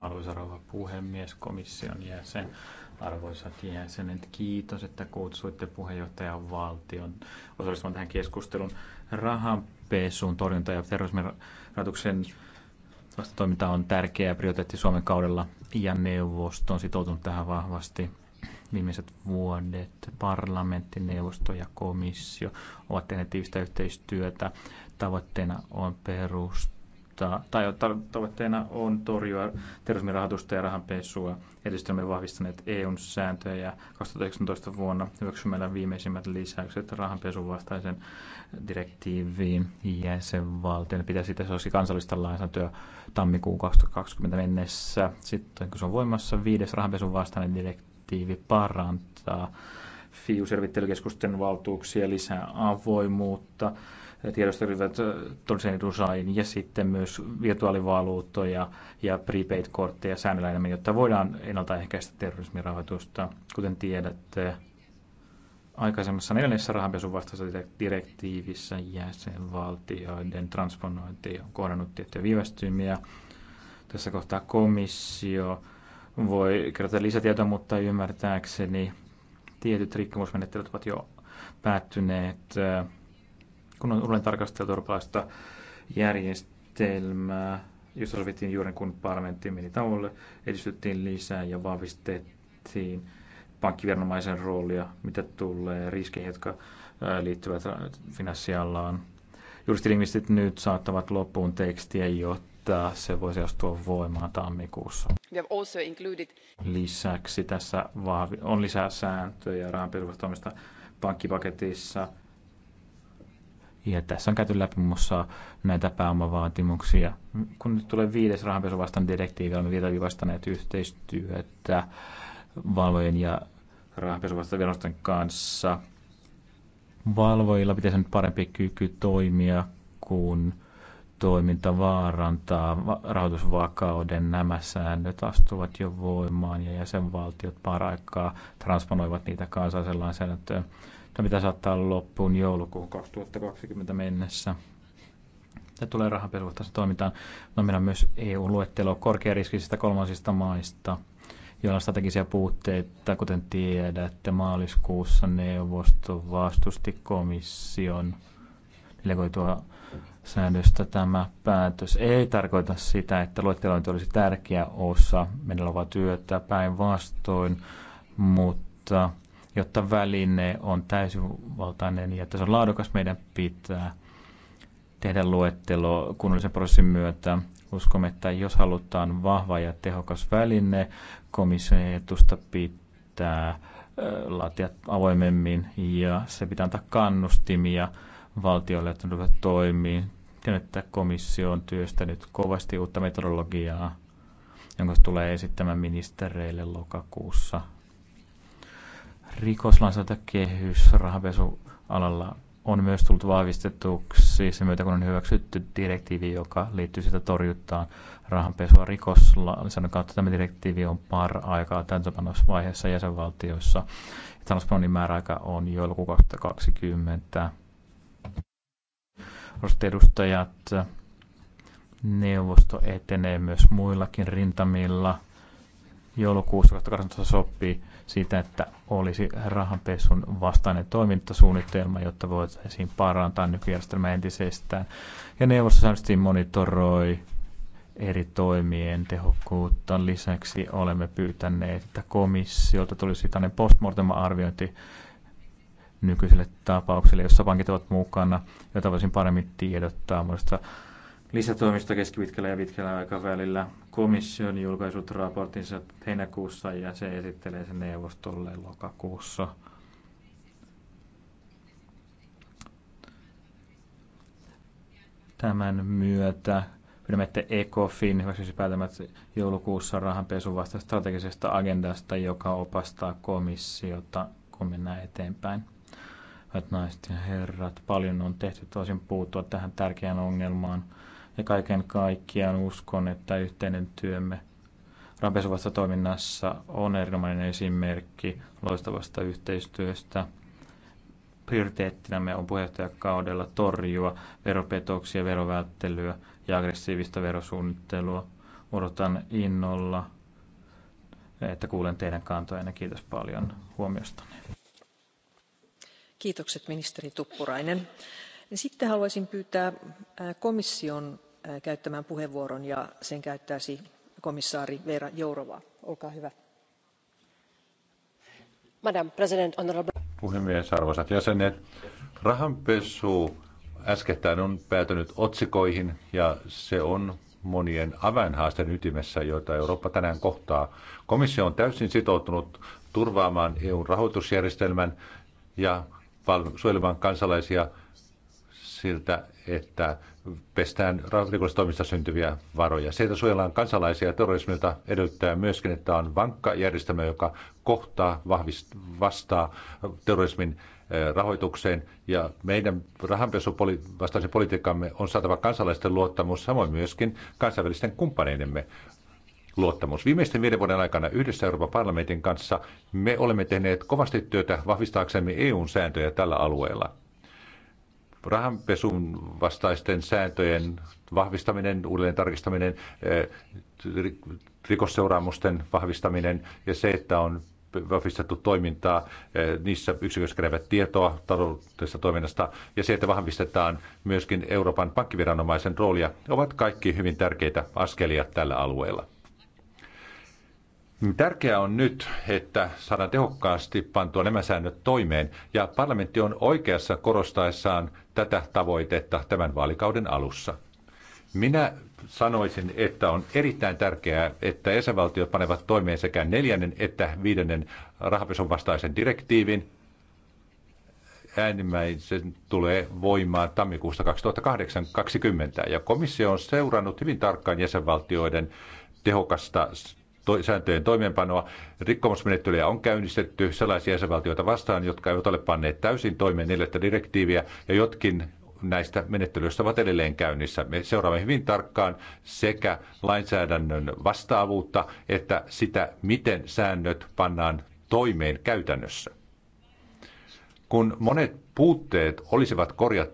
Arvoisa rouva puhemies, komission jäsen, arvoisat jäsenet, kiitos, että kutsuitte puheenjohtajan valtion osallistumaan tähän keskusteluun rahanpesun torjunta ja terrorismin rahoituksen Vasta toiminta on tärkeä prioriteetti Suomen kaudella ja neuvosto on sitoutunut tähän vahvasti. Viimeiset vuodet parlamentti, neuvosto ja komissio ovat tehneet tiivistä yhteistyötä. Tavoitteena on perustaa tota, tai tavoitteena on torjua terrorismirahoitusta ja rahanpesua. Erityisesti olemme vahvistaneet EUn sääntöjä ja 2019 vuonna hyväksymällä viimeisimmät lisäykset rahanpesun vastaisen direktiiviin jäsenvaltion. Pitäisi tässä olisi kansallista lainsäädäntöä tammikuun 2020 mennessä. Sitten kun se on voimassa, viides rahanpesun vastainen direktiivi parantaa FIU-selvittelykeskusten valtuuksia, lisää avoimuutta tiedostoryhmät äh, todellisen edunsaajiin ja sitten myös virtuaalivaluuttoja ja prepaid-kortteja säännöllä enemmän, jotta voidaan ennaltaehkäistä terrorismin rahoitusta. Kuten tiedätte, aikaisemmassa neljännessä rahanpesun vastaisessa direktiivissä jäsenvaltioiden transponointi on kohdannut tiettyjä viivästymiä. Tässä kohtaa komissio voi kerätä lisätietoa, mutta ymmärtääkseni tietyt rikkomusmenettelyt ovat jo päättyneet kun on uudelleen tarkasteltu eurooppalaista järjestelmää, jossa sovittiin juuri kun parlamentti meni tauolle, edistyttiin lisää ja vahvistettiin pankkiviranomaisen roolia, mitä tulee riskeihin, jotka liittyvät finanssialaan. Juristilingvistit nyt saattavat loppuun tekstiä, jotta se voisi astua voimaan tammikuussa. Lisäksi tässä on lisää sääntöjä rahanpesustoimista pankkipaketissa – ja tässä on käyty läpi muun muassa näitä pääomavaatimuksia. Kun nyt tulee viides vastaan direktiivi, olemme virtavivastaneet yhteistyötä valvojen ja rahanpesuvastaisten vastaan kanssa. Valvojilla pitäisi nyt parempi kyky toimia, kun toiminta vaarantaa rahoitusvakauden. Nämä säännöt astuvat jo voimaan ja jäsenvaltiot paraikaa transponoivat niitä kansallisen lainsäädäntöön. Tämä mitä saattaa loppuun joulukuun 2020 mennessä. Tämä tulee rahanpesuvastaisen toimintaan. No meillä on myös EU-luettelo korkeariskisistä kolmansista maista, joilla on strategisia puutteita, kuten tiedätte, maaliskuussa neuvosto vastusti komission delegoitua säännöstä. Tämä päätös ei tarkoita sitä, että luettelointi olisi tärkeä osa menelovaa työtä päinvastoin, mutta jotta väline on täysivaltainen ja että se on laadukas, meidän pitää tehdä luettelo kunnollisen prosessin myötä. Uskomme, että jos halutaan vahva ja tehokas väline, komission etusta pitää laatia avoimemmin ja se pitää antaa kannustimia valtioille, että ne toimii. Tiedän, että komissio on työstänyt kovasti uutta metodologiaa, jonka se tulee esittämään ministereille lokakuussa rikoslainsäädäntökehys rahanpesualalla on myös tullut vahvistetuksi sen myötä, kun on hyväksytty direktiivi, joka liittyy sitä torjuttaan rahanpesua rikoslainsäädännön kautta. Tämä direktiivi on par aikaa täytäntöpanosvaiheessa jäsenvaltioissa. Talouspanin määräaika on elokuun 2020. Arvoisat edustajat, neuvosto etenee myös muillakin rintamilla – joulukuussa 2018 sopii siitä, että olisi rahanpesun vastainen toimintasuunnitelma, jotta voitaisiin parantaa nykyjärjestelmää entisestään. Ja neuvosto säännöllisesti monitoroi eri toimien tehokkuutta. Lisäksi olemme pyytäneet, että komissiolta tulisi tällainen postmortem-arviointi nykyiselle tapaukselle, jossa pankit ovat mukana, jota voisin paremmin tiedottaa muista lisätoimista keskipitkällä ja pitkällä aikavälillä. Komission julkaisut julkaissut raportinsa heinäkuussa ja se esittelee sen neuvostolle lokakuussa. Tämän myötä pyydämme, ECOFIN hyväksyisi päätämät joulukuussa rahanpesun vasta strategisesta agendasta, joka opastaa komissiota, kun mennään eteenpäin. Hyvät naiset ja herrat, paljon on tehty tosin puuttua tähän tärkeään ongelmaan – ja kaiken kaikkiaan uskon, että yhteinen työmme rapesuvassa toiminnassa on erinomainen esimerkki loistavasta yhteistyöstä. Prioriteettinamme on puheenjohtajakaudella torjua veropetoksia, verovälttelyä ja aggressiivista verosuunnittelua. Odotan innolla, että kuulen teidän kantojanne. Kiitos paljon huomiostanne. Kiitokset ministeri Tuppurainen. Sitten haluaisin pyytää komission käyttämään puheenvuoron ja sen käyttäisi komissaari Vera Jourova. Olkaa hyvä. Puhemies, arvoisat jäsenet. Rahanpesu äskettäin on päätynyt otsikoihin ja se on monien avainhaasten ytimessä, joita Eurooppa tänään kohtaa. Komissio on täysin sitoutunut turvaamaan EUn rahoitusjärjestelmän ja suojelemaan kansalaisia siltä, että pestään rikollistoimista syntyviä varoja. Sieltä suojellaan kansalaisia terrorismilta, edellyttää myöskin, että on vankka järjestelmä, joka kohtaa, vahvist, vastaa terrorismin eh, rahoitukseen. Ja meidän rahanpesuvastaisen politiikkamme on saatava kansalaisten luottamus, samoin myöskin kansainvälisten kumppaneidemme luottamus. Viimeisten viiden vuoden aikana yhdessä Euroopan parlamentin kanssa me olemme tehneet kovasti työtä vahvistaaksemme EUn sääntöjä tällä alueella rahanpesun vastaisten sääntöjen vahvistaminen, uudelleen tarkistaminen, eh, rikosseuraamusten vahvistaminen ja se, että on vahvistettu toimintaa, eh, niissä yksiköissä kerävät tietoa taloudellisesta toiminnasta ja se, että vahvistetaan myöskin Euroopan pankkiviranomaisen roolia, ovat kaikki hyvin tärkeitä askelia tällä alueella. Tärkeää on nyt, että saadaan tehokkaasti pantua nämä säännöt toimeen, ja parlamentti on oikeassa korostaessaan tätä tavoitetta tämän vaalikauden alussa. Minä sanoisin, että on erittäin tärkeää, että jäsenvaltiot panevat toimeen sekä neljännen että viidennen rahapesun vastaisen direktiivin. Äänimmäisen tulee voimaan tammikuusta 2020 ja komissio on seurannut hyvin tarkkaan jäsenvaltioiden tehokasta to, sääntöjen toimeenpanoa. Rikkomusmenettelyjä on käynnistetty sellaisia jäsenvaltioita vastaan, jotka eivät ole panneet täysin toimeen neljättä direktiiviä ja jotkin näistä menettelyistä ovat edelleen käynnissä. Me seuraamme hyvin tarkkaan sekä lainsäädännön vastaavuutta että sitä, miten säännöt pannaan toimeen käytännössä. Kun monet puutteet olisivat korjattavissa,